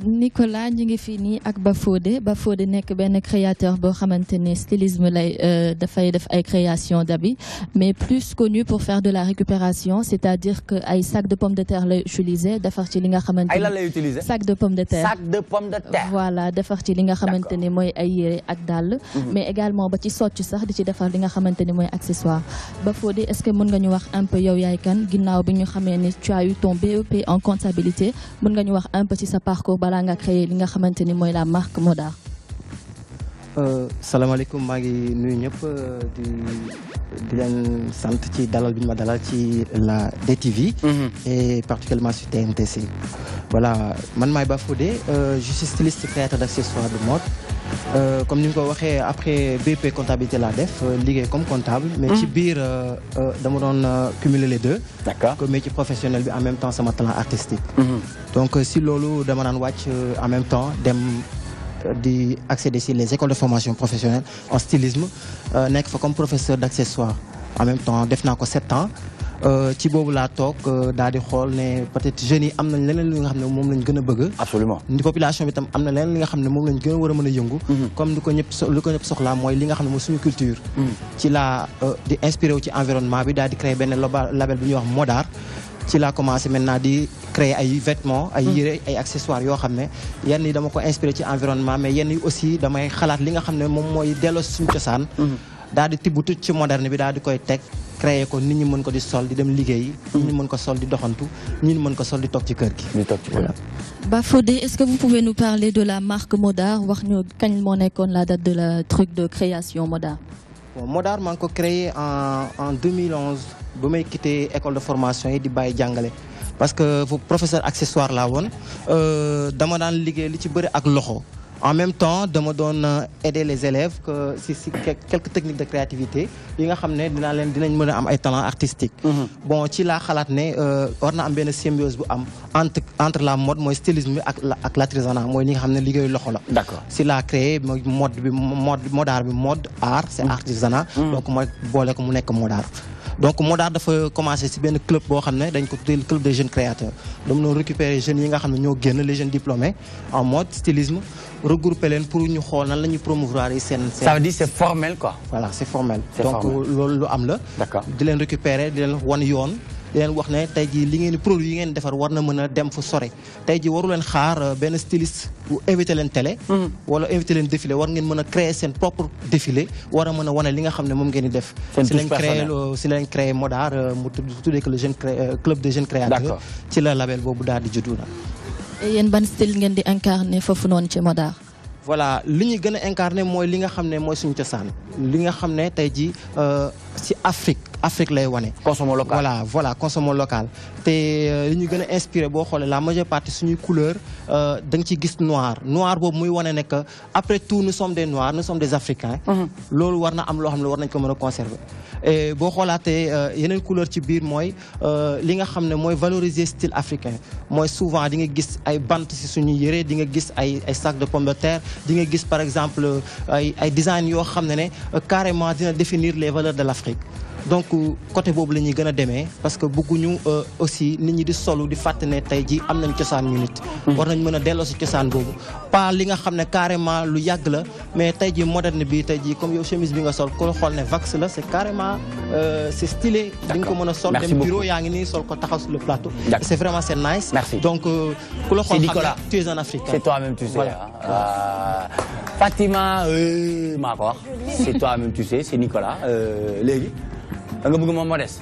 Nicolas ñu ngi fii nii ak Bafodé Bafodé nekk ben créateur boo xamante ne stylisme lay euh, dafay def ay création d'habits mais plus connu pour faire de la récupération c'est-à-dire que ay sac de pommes de terre lay utiliser defar ci li nga ay utiliser sac de pommes de terre sac de pommes de terre voilà defar ci li nga xamante ne mooy ay ak dàll mhm. mais également ba ci socc sax di ci defar li nga xamante ne accessoire Bafodé est-ce que mën nga ñu wax un peu yow yaay kan ginnaaw bi ñu ni tu as eu ton BEP en comptabilité mën nga ñu wax un peu ci sa parcours balaa nga créer li nga xamante ni mooy la marque Moda Euh, Salam alaikum Marie nuyu ñëpp euh, di di leen sante ci dalal la DTV. Mhm. et particulièrement sur TNTC. voilà man may bafoudé, euh, je suis styliste créateur d'accessoires de mode. comme nous l'avons ko après BP comptabilité la def suis comme comptable. mais ci mhm. euh, dama cumuler les deux. d'accord Comme métier professionnel en même temps mon talent artistique. Mhm. donc si l'on demande un watch en même temps nekk di accéder si les écoles de formation professionnelle en stylisme euh, nekk fa comme professeur d'accessoires en même temps def naa ko sept ans euh, ci vous la toog euh, daal di xool ne peut-être jeunes amener les gens leneen li nga xam ne moom bëgg. absolument ni population bi tam am na leneen li nga xam ne moom lañ gën a yëngu. Mhm. comme nous ko ñëpp ko ñëpp soxlaa mooy li nga xam suñu culture. Mhm. ci l'a di inspiré wu ci environnement bi daal di créé benn label bi ñuy wax Modar ci laa commencé maintenant di créer ay vêtements ay hmm. yére ay accessoires yoo xam ne yenn yi dama ko inspiré ci environnement mais yenn yi aussi damay xalaat li nga xam ne moom mooy delloo suñu cosaan hmm. daal di tibb ci moderne bi daal di koy teg créé ko nit ñi mën ko di sol di dem liggéeyi. Hmm. nit ñi mën ko sol di doxantu nit ñi mën ko sol di toog ci kër gi. di toog ci kër est-ce que vous pouvez nous parler de la marque Modar wax ñu kañ moo nekkoon la date de la truc de création Modar. Modar je créé en en 2011 bu may quitté l'école de formation suis di à parce que professeur accessoire accessoires, euh, ils dama li ci en même temps dama doon euh, aider les élèves que si si quelques techniques de créativité yi nga xam ne dinaa leen dinañ am ay artistique mhm. bon ci la chalatne, on euh, a na am symbiose bu am entre entre la mode mon stylisme bi ak ak l'artisanat mooy li nga xam ne liggéeyu loxo la d'accord si la créer, mode bi mode modaar bi mode art c'est mhm. artisanat mhm. donc mooy boole ko mu mode art donc le mode dafa commencé si benn club club de jeunes créateurs nous récupérons les jeunes yi nga les jeunes diplômés en mode stylisme regrouper regroupons pour ñu promouvoir les scènes. ça veut dire que c'est formel quoi. voilà c'est formel. donc nous les am la. d'accord di récupérer di leen wax ne tey jii li ngeen produit yi ngeen defar war na mën a dem fu sore tey ji waru leen xaar euh, benn styliste bu invité télé. Mm. wala invité leen défilé war ngeen mën a créer seen propre défilé war a mën a wane li nga xam ne moom ngeen di def. si leen créé si leen créé Modar euh, mu tuddee que le jeune euh, club de jeunes créateurs. ci la label boobu daal di juddu yéen ban style ngeen di incarné foofu noonu ci Modar. voilà li ñu gën a incarné mooy li nga xam ne mooy suñu cosaan li nga xam ne tey jii ci Afrique. Afrique lay wane. consommons local voilà voilà consommons local. té li euh, ñu gën inspiré bo xolé la majeure partie suñu couleur euh, da nga ci gis noir noir boobu muy nek après tout nous sommes des noirs nous sommes des africains. Mhm. loolu warna am lo xam war nañ ko mëna conserver. et bo xolaté euh, yeneen couleur ci moy euh li nga xamné moy valoriser style africain moy souvent di nga gis ay bant ci suñu yéré di nga gis ay ay sac de pomme de terre di nga gis par exemple ay ay design yo xamné né carrément définir les valeurs de l'Afrique donc euh, côté vous lañuy parce que bëgguñu euh, aussi nit ñi di solo di ji am nañ hmm. pas li nga carrément lu mais tay ji moderne comme yow chemise bi nga sol vax c'est carrément euh, c'est stylé bureau le plateau c'est vraiment c'est nice donc tu es en Afrique c'est toi-même tu sais hein. Fatima c'est toi-même tu sais c'est Nicolas Hanggang gumawa mo, Mares.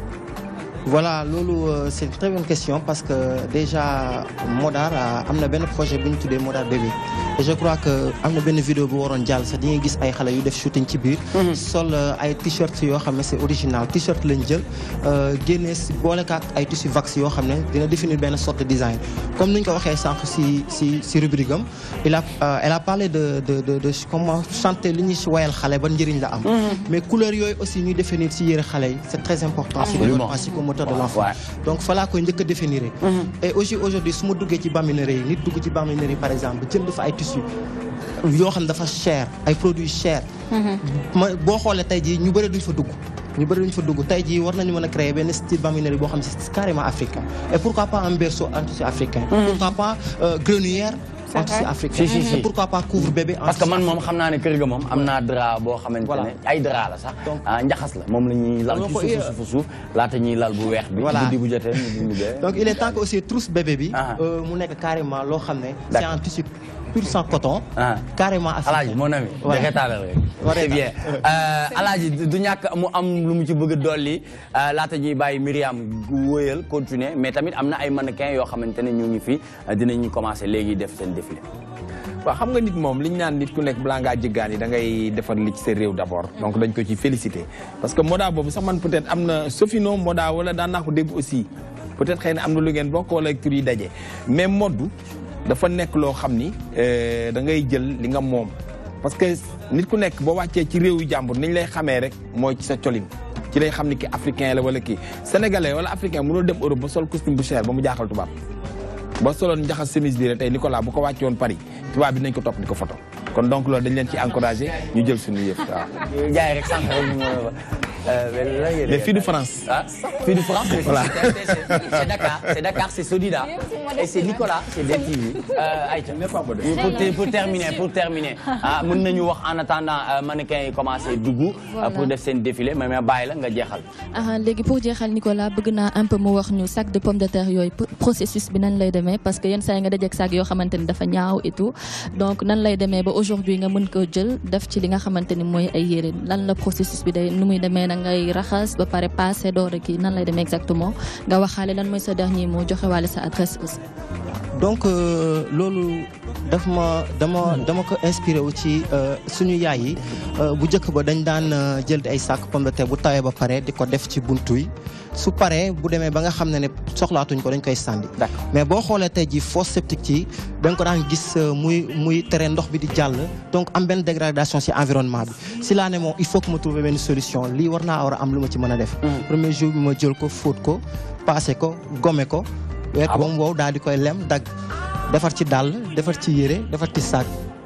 voilà loolu euh, c'est une très bonne question parce que déjà Modar a na benn projet bu tous les Modar Bébé et je crois que am na benn vidéo bu waroon jàll sax di ngay gis ay xale yu def shooting ci biir mhm. sol euh, ay t-shirt yoo xam ne c'est original t-shirt lañ jël euh, génnee boole kaak ay tissu vax yoo xam ne dina définir benn sorte de design comme ni ñu ko waxee sànq si si si rubrique il a elle a parlé de de de de comment chanter li ñuy wayal xale ban njëriñ la am mhm. mais couleur yooyu aussi ñuy définir si yëre c'est très important si moteur de l'enfant donc voilà qu'on ne njëkk définir mhm. et aussi aujourd'hui ce ma duggee ci bamminéré yi nit dugg ci bamminéré par exemple jënd fa ay tissu yoo xam dafa cher ay produits cher mhm. ma boo xoolee tey jii ñu bëri duñ fa dugg ñu bëri duñ fa dugg tey war nañu mën a créer benn style bamminéré boo xam carrément africain et pourquoi pas un berceau anti africain mhm. pourquoi pas euh, grenouillère? artiste africain si si pourquoi pas couvre bébé parce que man moom xam naa ne kër ga moom am naa drap boo xamante ne ay drap la sax ah, njaxas la moom la ñuy lal ci suuf suufu suuf laata ñuy lal bu weex bi guddi bu jotee ñu dund donc il est temps que aussi trousse bébé bi ah. euh, mu nekk carrément loo xam ne c'est en tissu pur sans coton. Ah. carrément assuré Alaaji mon ami. waaw dafay c'est bien euh, Alaaji du ñak mu am lu mu ci bëgg a dolli euh, laata ñuy bàyyi Myriam woyal continuer mais tamit amna ay mannequins yo xamante ne ñu ngi fi euh, dinañu commencer légui def sen défilé. wa xam nga nit mom li ñu nit ku nek balaa ngaa jéggaani da ngay defal li ci sa réew d' donc dañ ko ci féliciter parce que moda bobu sax man peut être amna na Sofino moda wala da na ko dégg aussi peut être xëy amna lu ngeen bokk wala tur yi daje mais moddu dafa nekk loo xam ni euh, da ngay jël li nga moom parce que nit ku nekk boo wàccee ci réew jàmbur ni lay xamee rek mooy ci sa colin ci lay xam ni ki africain la wala kii sénégalais wala africain mënoo dem Europe ba sol costume bu cher ba mu jaaxal tubaab ba soloon njaxas chemise bi rek tey Nicolas bu ko wàcce woon Paris tubaab bi nañ ko topp di ko foto kon donc loolu dañ leen ci encouragé ñu jël suñu yëf waaw. Les fille de France. Ah, fille de France, voilà. C'est Dakar, c'est Dakar, c'est solida. Et c'est Nicolas, c'est Détivi. Euh, pour, terminer, pour terminer, ah, mën nañu wax en attendant euh, mannequin yi commencé dugg euh, pour def seen défilé mais mais bàyyi nga jeexal. Ah, légui pour jeexal Nicolas bëgg na un peu mo wax ñu sac de pommes de terre yoy processus bi nan lay démé parce que yeen say nga dajeeg sac yo xamante dafa ñaaw et tout donc nan lay démé ba aujourd'hui nga mën ko jël def ci li nga xamante moy ay yére lan la processus bi day numuy démé da ngay raxas ba pare passé door a kii nan lay demee exactement nga waxaale lan mooy sa dernier moo joxe waale sa adresse aussi. donc euh, loolu daf ma dama dama ko inspiré wu ci euh, suñu yaay yi euh, bu njëkk ba dañ daan jël ay sac pomme de terre bu tawee ba pare di ko def ci buntu yi. su paree bu demee ba nga xamné ne soxlaatuñ ko dañ koy sànni. mais bo xolé tay ji fosse septique ci dañ nga ko daan gis euh, muy muy terrain ndox bi di jàll donc am ben dégradation ci environnement bi si la né mo il faut que ma trouver benn solution li war naa war am luma ci mën def. Mm. premier jour bi ma jël ko foot ko paase ko gomé ko. weer ko ba mu wow daal di koy lem dag défar ci dal défar ci yéré defar ci saak.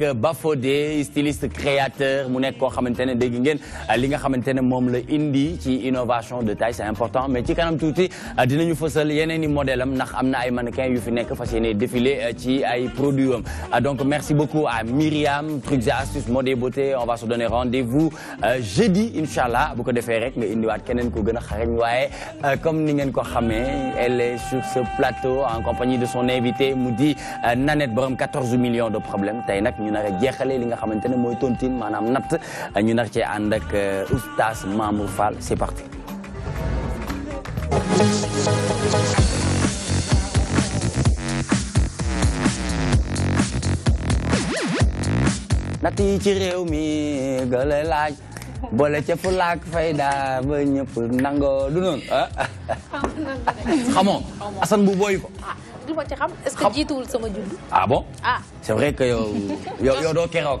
Bafodé styliste créateur mu nekk ko xamante dégg ngeen euh, li nga xamante mom la indi ci innovation de taille c'est important mais ci kanam touti euh, dinañu fësal yeneen i modèle amna ay mannequin yu fi nekk fas défilé euh, ci ay produit donc merci beaucoup à Myriam trucs et astuces mode beauté on va se donner rendez-vous jeudi inchallah bu ko défé rek nga wat kenen ko gëna xarañ comme ni ngeen ko xamé elle est sur ce plateau en compagnie de son invité Moudi di Nanette borom 14 millions de problèmes tay nak ñu nar jéxalé li nga xamante moy tontine manam nat ñu nar ci and ak euh, oustaz Mamour Fall c'est parti nati ci rew mi gëla laaj boole ca fulaak fayda ba ñepp nango du non ah? xamoo asan bu boy ko ah. lu ma ci xam est-ce que jiituwul sama judd. ah bon ah c'est vrai que yow yow doo keroog.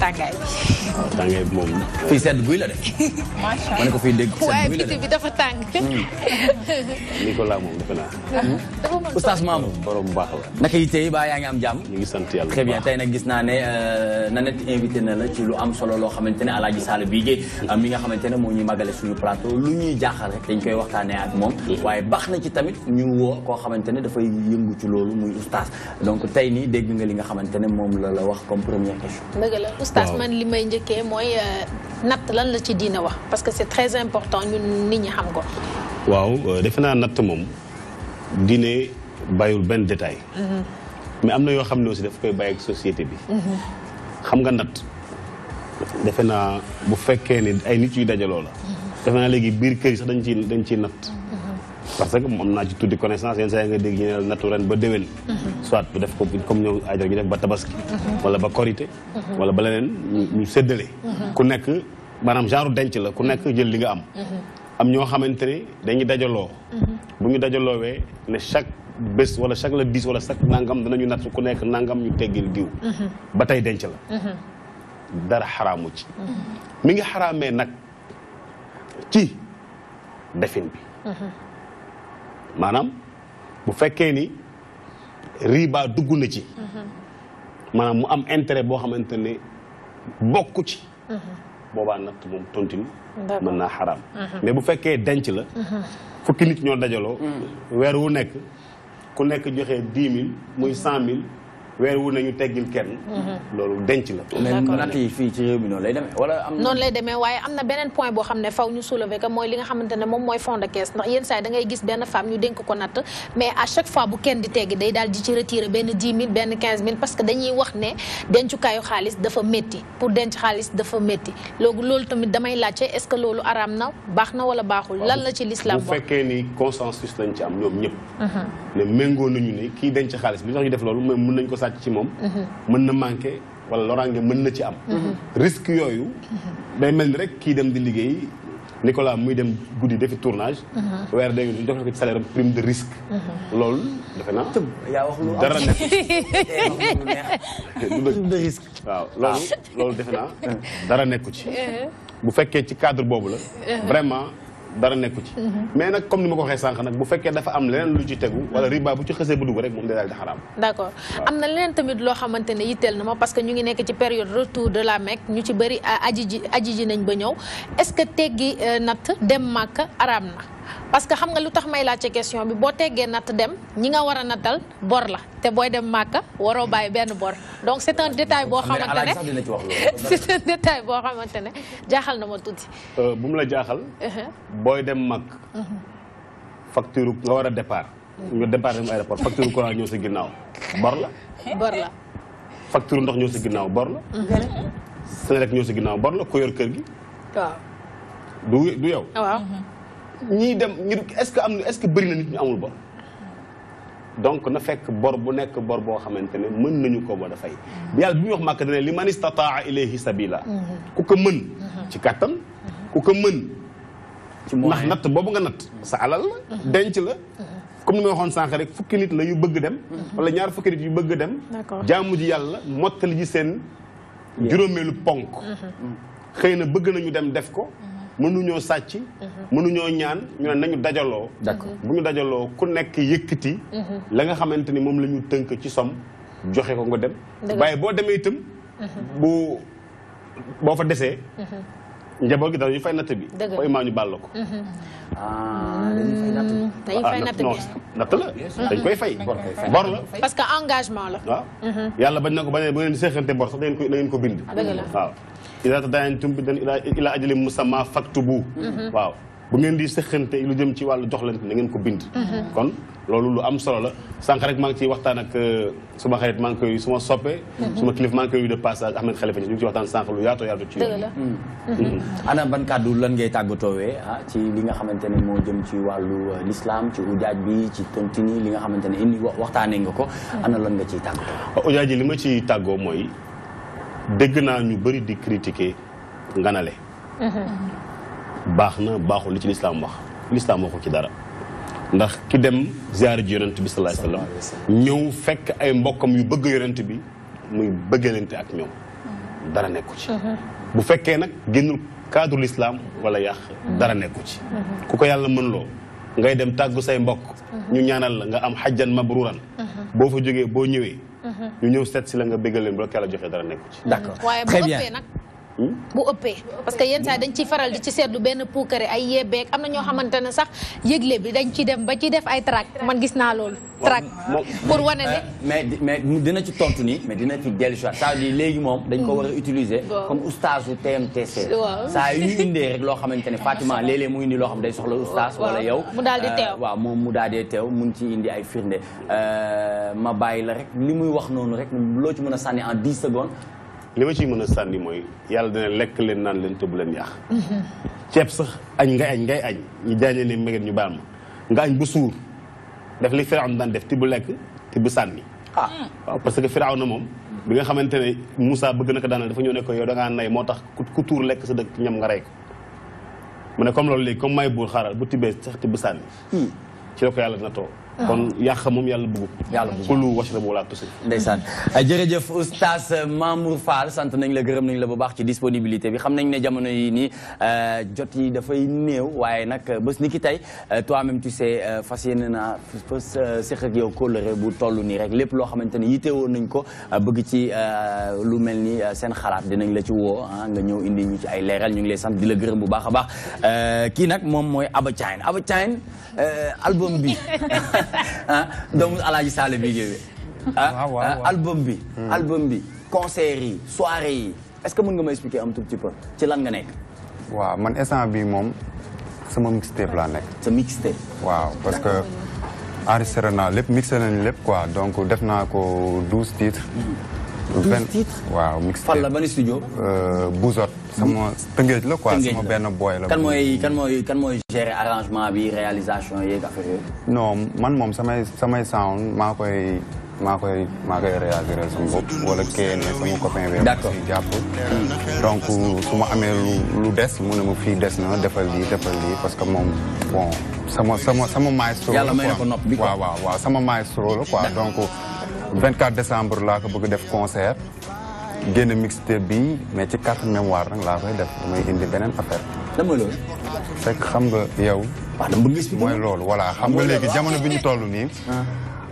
tàngaay bi. tàngaay mom. moom fii sedd guy la kau fidek allah ma ne ko fii dégg sedd mom, la de waaye biti bi dafa tàng. Nicolas moom defe naa. oustaz Mamour borom baax la. naka yi tey ba am jàmm. ñu ngi sant yàlla très bien tey nag ne na la ci lu am solo loo xamante ne Alaaji Sall bii Guèye mi nga xamante ne moo ñuy màggale suñu plateau lu ñuy jaaxal rek dañ koy waxtaanee ak moom. waaye baax na ci tamit ñu woo koo xamante ne dafay yëngu ci loolu muy oustaz donc dégg nga li nga la la wax comme première question dëgg la oustaz man li may njëkkee mooy euh, natt lan la ci diina wax parce que c'est très important ñun nit ñi xam ko. waaw euh, defe naa natt moom diine bayul benn détail. Mhm. mais am na yoo xam ne aussi daf koy bàyyi ak société bi. Mhm. xam nga natt defe naa bu fekkee ne ay nit yuy dajaloo la. Mhm. defe naa léegi biir kër sax dañ ci dañ natt. parce que moom naa ci tuddi connaissance yenn saa nga dégg ñu ne ba déwén. Mhm. def ko comme ñoom aajara ñu def ba tabaski. Mhm. wala ba korité. Mhm. wala ba leneen ñu séddale. ku nekk maanaam genre denc la ku nekk jël li nga am. am ñoo xamante ni dañuy dajaloo. bu ñu dajaloowee ne chaque bés wala chaque la dix wala chaque nangam ñu natt ku nekk nangam ñu teggil diw. ba tey denc la. dara xaraamu ci. mi ngi xaraamee nag ci defin bi. maanaam bu fekkee ni riba dugg na ci. maanaam mu am intérêt boo xamante ne bokku ci. boobaa natt moom tontine. mën naa xaraam. Mhm. mais bu fekkee denc la. Mhm. fukki nit ñoo dajaloo. Mhm. weer wu nekk ku nekk joxe dix mil muy cent mille. weer wu nañu teggil kenn. Mm-hmm. loolu denc la. d'accord natt yi fii ci réew mi noonu lay demee waaye am na beneen point boo xam ne faw ñu soulever que mooy li nga xamante ne moom mooy fond de ndax yenn saa yi gis benn femme ñu dénk ko natt mais à chaque fois bu kenn di teggi day daal di ci retirer benn 10 000 benn 15 000 parce que dañuy wax ne dencukaayu xaalis dafa métti pour denc xaalis dafa métti loolu tamit damay laajte est-ce que loolu araam na baax na wala baaxul bu wàcc ci moom mhm. mën na manqué wala loraange mën na ci am mhm. risque yooyu day mel ni rek kii dem di liggéey Nicolas muy dem guddi defi tournage mhm. weer dégg ñu def na ko ci salaire prime de risque loolu defe naa dara nekk prime de waaw loolu loolu defe naa dara nekku ci bu fekkee ci cadre boobu la vraiment dara nekku ci mhm. mais nag comme ni ma ko waxee sànq nag bu fekkee dafa am leneen lu ci tegu wala riba bu ci xësee bu dugg rek moom day daal di d'accord am na leneen tamit loo xamante ne yitteel na ma parce que ñu ngi nekk ci période retour de la Mecque ñu ci bëri aji ji aji ji nañ ba ñëw est-ce que teggi euh, natt dem Màkka araam na parce que xam nga lu tax may laaj ci question bi boo teggee natt dem ñi nga war a nattal bor la te booy dem màkka waroo bàyyi benn bor donc c'est un détail boo xamante ne c'est un détail boo xamante ne jaaxal na ma tuuti. Euh, bu mu la jaaxal. Uh-huh. booy dem màkk. Uh-huh. facture nga war a départ. nga départ dem aéroport facture courant ñëw sa ginnaaw bor la. bor la. facture ndox ñëw sa ginnaaw bor la. Uh-huh. seen rek ñëw sa ginnaaw bor la ku yor kër gi. du yow. waaw. ñiy dem ñu est-ce que am est-ce que bëri na nit ñu amul bor donc na fekk bor bu nekk bor boo xamante ne mën nañu ko ba dafay bi yàlla bi ñu wax màkk dane li man istataa ilayhi sabila mm-hmm. mm-hmm. mm-hmm. ku ko mën ci kàttan ku ko mën ndax natt boobu nga natt sa alal la denc la comme ni waxoon sànq rek fukki nit la yu bëgg dem wala ñaar fukki nit yu bëgg dem jaamu ji yàlla mottali ji seen juróomeelu ponk xëy na bëgg nañu dem def ko mënuñoo sàcc. mënuñoo ñaan ñu ne nañu dajaloo. d'accord bu ñu dajaloo ku nekk yëkkati. Mhm. la nga xamante ni moom lañu tënk ci som joxe ko nga dem. waaye boo demee itam. Mhm. bu boo fa desee. Mhm. njaboot gi dara ñu fay natt bi. dëgg la ñu bàll ko. Ah, dañuy fay natt bi mm, ah, la dañ koy fay. bor la parce que engagement la. waaw yàlla bañ na ko bañ a bu ngeen seexante bor sax da ngeen ko da ko bind. waaw. ida tadayantum bi dan ila ajli musamma faktubu waaw bu ngeen di sëxante lu dem ci walu doxlant na ngeen ko bind kon loolu lu am solo la sank rek maa ngi ciy waxtaan ak suma xarit maa ngi koy suma soppe suma kilif maa ngi koy de passage Ahmed Khalifa ñu ci waxtan sank lu yaato yaato ci ana ban kàddu lan ngay tàggatoowee ah ci li nga xamantene mo dem ci walu l'islam ci ujaaj bi ci tontini li nga xamantene indi waxtane nga ko ana lan nga ci tàggatoo ujaaj li ma ci tàggoo moy dégg naa ñu bëri di critiquer nganale mhm. baax na baaxul li ci lislaam wax lislaam waxu ci dara ndax ki dem ziyaar ji yonent bi sa alayhi ñëw fekk ay mbokkam yu bëgg yonent bi muy bëggalante ak ñoom mhm. dara nekku ci mhm. bu fekkee nag génnul cadre lislaam wala yàq dara nekku ci ku ko yàlla mënuloo ngay dem tàggu say mbokk ñu ñaanal la nga am xajjan mabruuran boo fa jógee boo ñëwee Mm-hmm. ñu ñëw seet si la nga bëggal leen bu la yàlla joxee dara nekku ci. d'accord très bien bu ëppee parce que yenn saa dañ ciy faral di ci seetlu benn puukare ay yeebeeg am na ñoo xamante ne sax yëgle bi dañ ciy dem ba ci def ay track man gis naa loolu. track pour wane ne. mais mais dina ci tontu nii mais dina ci dellu si waat léegi moom dañ ko war a hmm. utiliser. comme oustaz u TMTC. waaw saa yu indee rek loo xamante ne Fatima léeg-léeg mu indi loo xam day soxla oustaz. wala yow mu daal di euh, teew mu daal di mun ci indi ay firnde euh, ma bàyyi la rek li muy wax noonu rek loo ci mën a sànni en 10 secondes. li ma ciy mën a sànni mooy dina lek leen nan leen tëb leen yaax ciep sax añ ngay añ ngay añ ñu jaañe ni megen ñu baal ma nga añ bu suur def li fir'aun daan def ti bu lekk ti bu sànni ah parce que fir'aun mom bi nga xamantene musa bëgg naka ko dafa ñu nekk yow da nga nay motax ku tour lek sa dekk ñam nga ray ko mu ne comme loolu li comme may bu xaaral bu tibé sax ti bu hmm. ci lako yalla dina to Ah. kon yàq ya moom yàlla bëggu yàlla bëggu kulu washrabu wala tusi ndeysaan jërëjëf oustaz Mamour Fall sant nañ la gërëm nañ la bu baax ci disponibilité bi xam nañ ne jamono yi nii euh, jot yi dafay néew waaye nag euh, bés ni tey euh, toi même tu sais fas yéene naa fas séq ak yow kóllëre bu toll nii rek lépp loo xamante ne yiteewoon nañ ko bëgg ci lu mel ni seen xalaat dinañ la ci woo ah, nga ñëw indi ñu ci ay leeral ñu ngi lay sant di la gërëm bu baax a baax kii nag moom mooy Aba Aba album bi Ah, donc doomu Alaaji Sall bi géwé ah, ah album bi album bi concert yi soirée yi est-ce que mën nga ma expliquer un tout petit peu ci lan nga nekk waaw man instant bi moom sama mixtape laa nekk sa mixtape waaw parce que enregistré naa lépp mixé nañ lépp quoi donc def naa ko douze titres mm-hmm. benn titres waaw mixte fan la ban studio. euh Bouzot sama tëngeej la quoi sama ben boy la. kan moy kan moy kan moy gérer arrangement bi réalisation yeeg affaire non man mom sama sama sound maa koy maa koy maa koy réaliser sama bopp wala kenn sama copain bi. d'accord si jàpp. donc su ma amee lu lu des mu ne ma fii des na defal lii defal lii parce que moom bon sama sama sama maestro. yàlla may na quoi waaw waaw waaw sama maestro la quoi donc. 24 décembre laa ko bëgg def concert génn mixtape bi mais ci carte mémoire nag laa koy def damay indi beneen affaire. lan fekk xam nga yow. waaw ah, mooy loolu voilà xam nga léegi jamono bi ñu toll nii. Ah.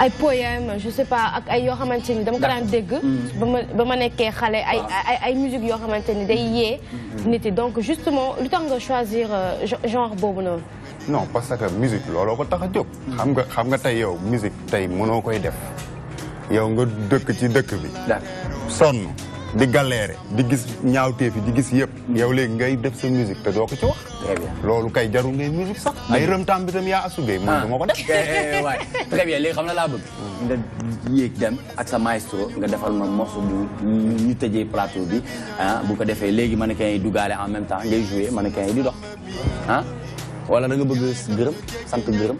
ay poème je sais pas ak ay yo xamanteni dama ko dan dégg. Hmm. ba ma ah. musique day hmm. donc justement lu tax nga choisir euh, genre non parce que musique lolo ko hmm. xam nga xam nga tay yow musique tay mënoo koy def yow nga ci bi. di galérer di gis ñaawteef yi di gis yëpp. yow léegi ngay def sa musique te doo ko ci wax. loolu kay jarul ngay musique sax. ay rëmtaam bi tam yaa asugee. man ah. du ma ko def. Eh, eh, eh, très bien léegi xam na laa bëgg. nga yéeg dem ak sa maestro nga defal ma morceau bu ñu tëjee plateau bi ah, bu ko defee léegi mannequin yi duggaale en même temps ngay jouer mannequin yi di dox ah. wala da nga bëgg gërëm sant gërëm.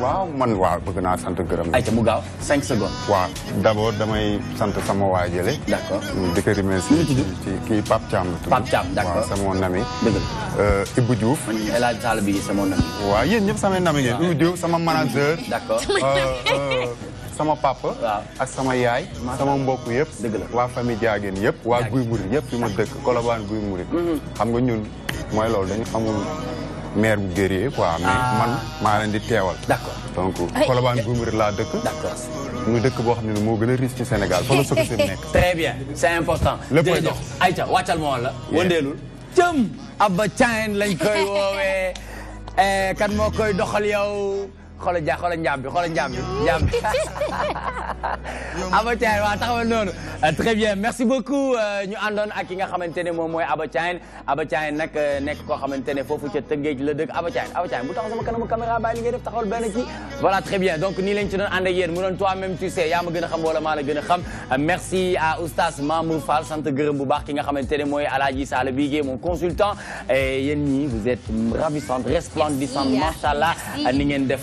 waaw man waaw bëgg naa sant gërëm. ay ayca mu gaaw 5 secondes. waaw d' abord damay sant sama waa jële. d' accord mm, di ko remercier. ci kii Pap Thiam la tudd. Pape Thiam d' accord sama nami. dëgg la euh, Ibou Diouf. El Hadj Tall bi sama nami. waaw yéen ñëpp sama nami ngeen. Ibou Diouf sama manager. d' accord. Euh, euh, sama papa. ak sama yaay. sama mbokk yëpp. dëgg la waa famille Diaguen yëpp. waa Guy Mouride yëpp fi ma dëkk Colobane Guy Mouride. Mm-hmm. xam nga ñun mooy loolu dañu xamul maire bu guerrier quoi. mais ah. man maa leen di teewal. donc eh, eh. Colobane Goumiri laa dëkk. d'accord dëkk boo xam ne moo gën a riche ci Sénégal fa la Sococim nekk. très bien c'est important. lépp ay dox Aïcha wàccal ma woon la. wëndeelul cëm Abba Thiam koy woowee eh, kan moo koy doxal yow. xoolal ja xoolal njaam bi xoolal njaam bi njaam bi Aba Thiane waaw taxawal noonu euh, très bien merci beaucoup euh, ñu àndoon ak ki nga xamante ne moom mooy Aba Thiane Aba Thiane nag euh, nekk koo xamante ne foofu ca Tëngéej la dëkk Aba Thiane Aba Thiane bu taxaw sama kanamu caméra bàyyi li ngay def taxawal benn kii voilà très bien donc nii lañ ci doon ànd ak yéen mu doon toi même tu sais yaa ma gën a xam wala maa la gën a xam merci à oustaz Mamour Fall sant gërëm bu baax ki nga xamante ne mooy Alaaji Sall Bigué mon consultant et yéen ñii vous êtes ravissante resplendissante machallah ni ngeen def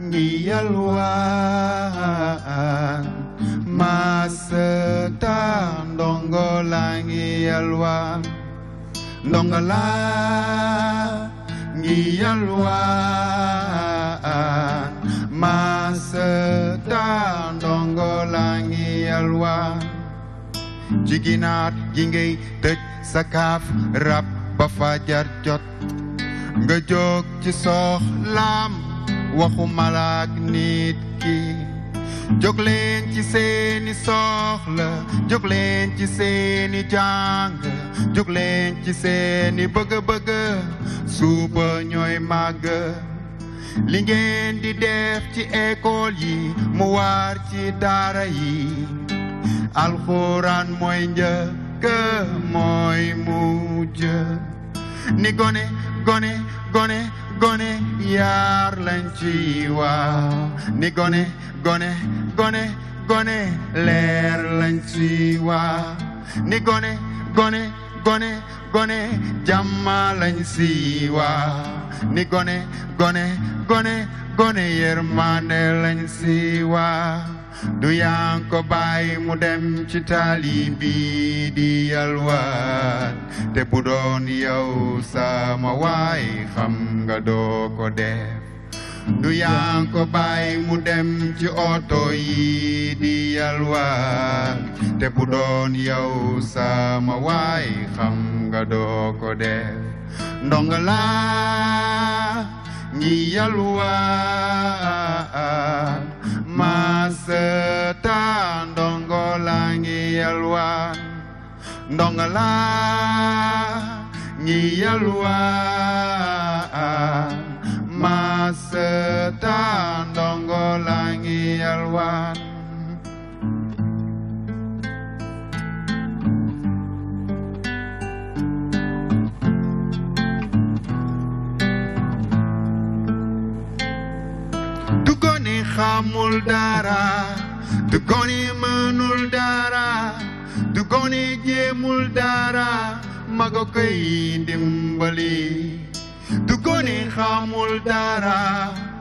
ngiyalwa maseta ndongola ngiyalwa ndongola ngiyalwa maseta ndongola ngiyalwa jiginat gingay tej sakaf rap ba fajar jot nga jog waxu malaak nit ki jóg leen ci seeni soxla jóg leen ci seeni jàng jóg leen ci seeni bëgg-bëgg suuba ñooy màgg li ngeen di def ci école yi mu ci yi ni gone gone gone gone yar lanchiwa ni gone gone gone gone ler lanchiwa ni gone gone gone gone jamma lanchiwa ni gone gone gone gone yermane lanchiwa du yaa ngi ko bàyyi mu dem ci di yalwaan te bu sama wai xam nga def ko bàyyi oto di te bu sama wai xam nga def ngiyalwa maseta ndongola ngiyalwa ndongola ngiyalwa maseta ndongola ngiyalwa xamul dara du gone mënul dara du gone jéemul dara maga dimbali du gone xamul dara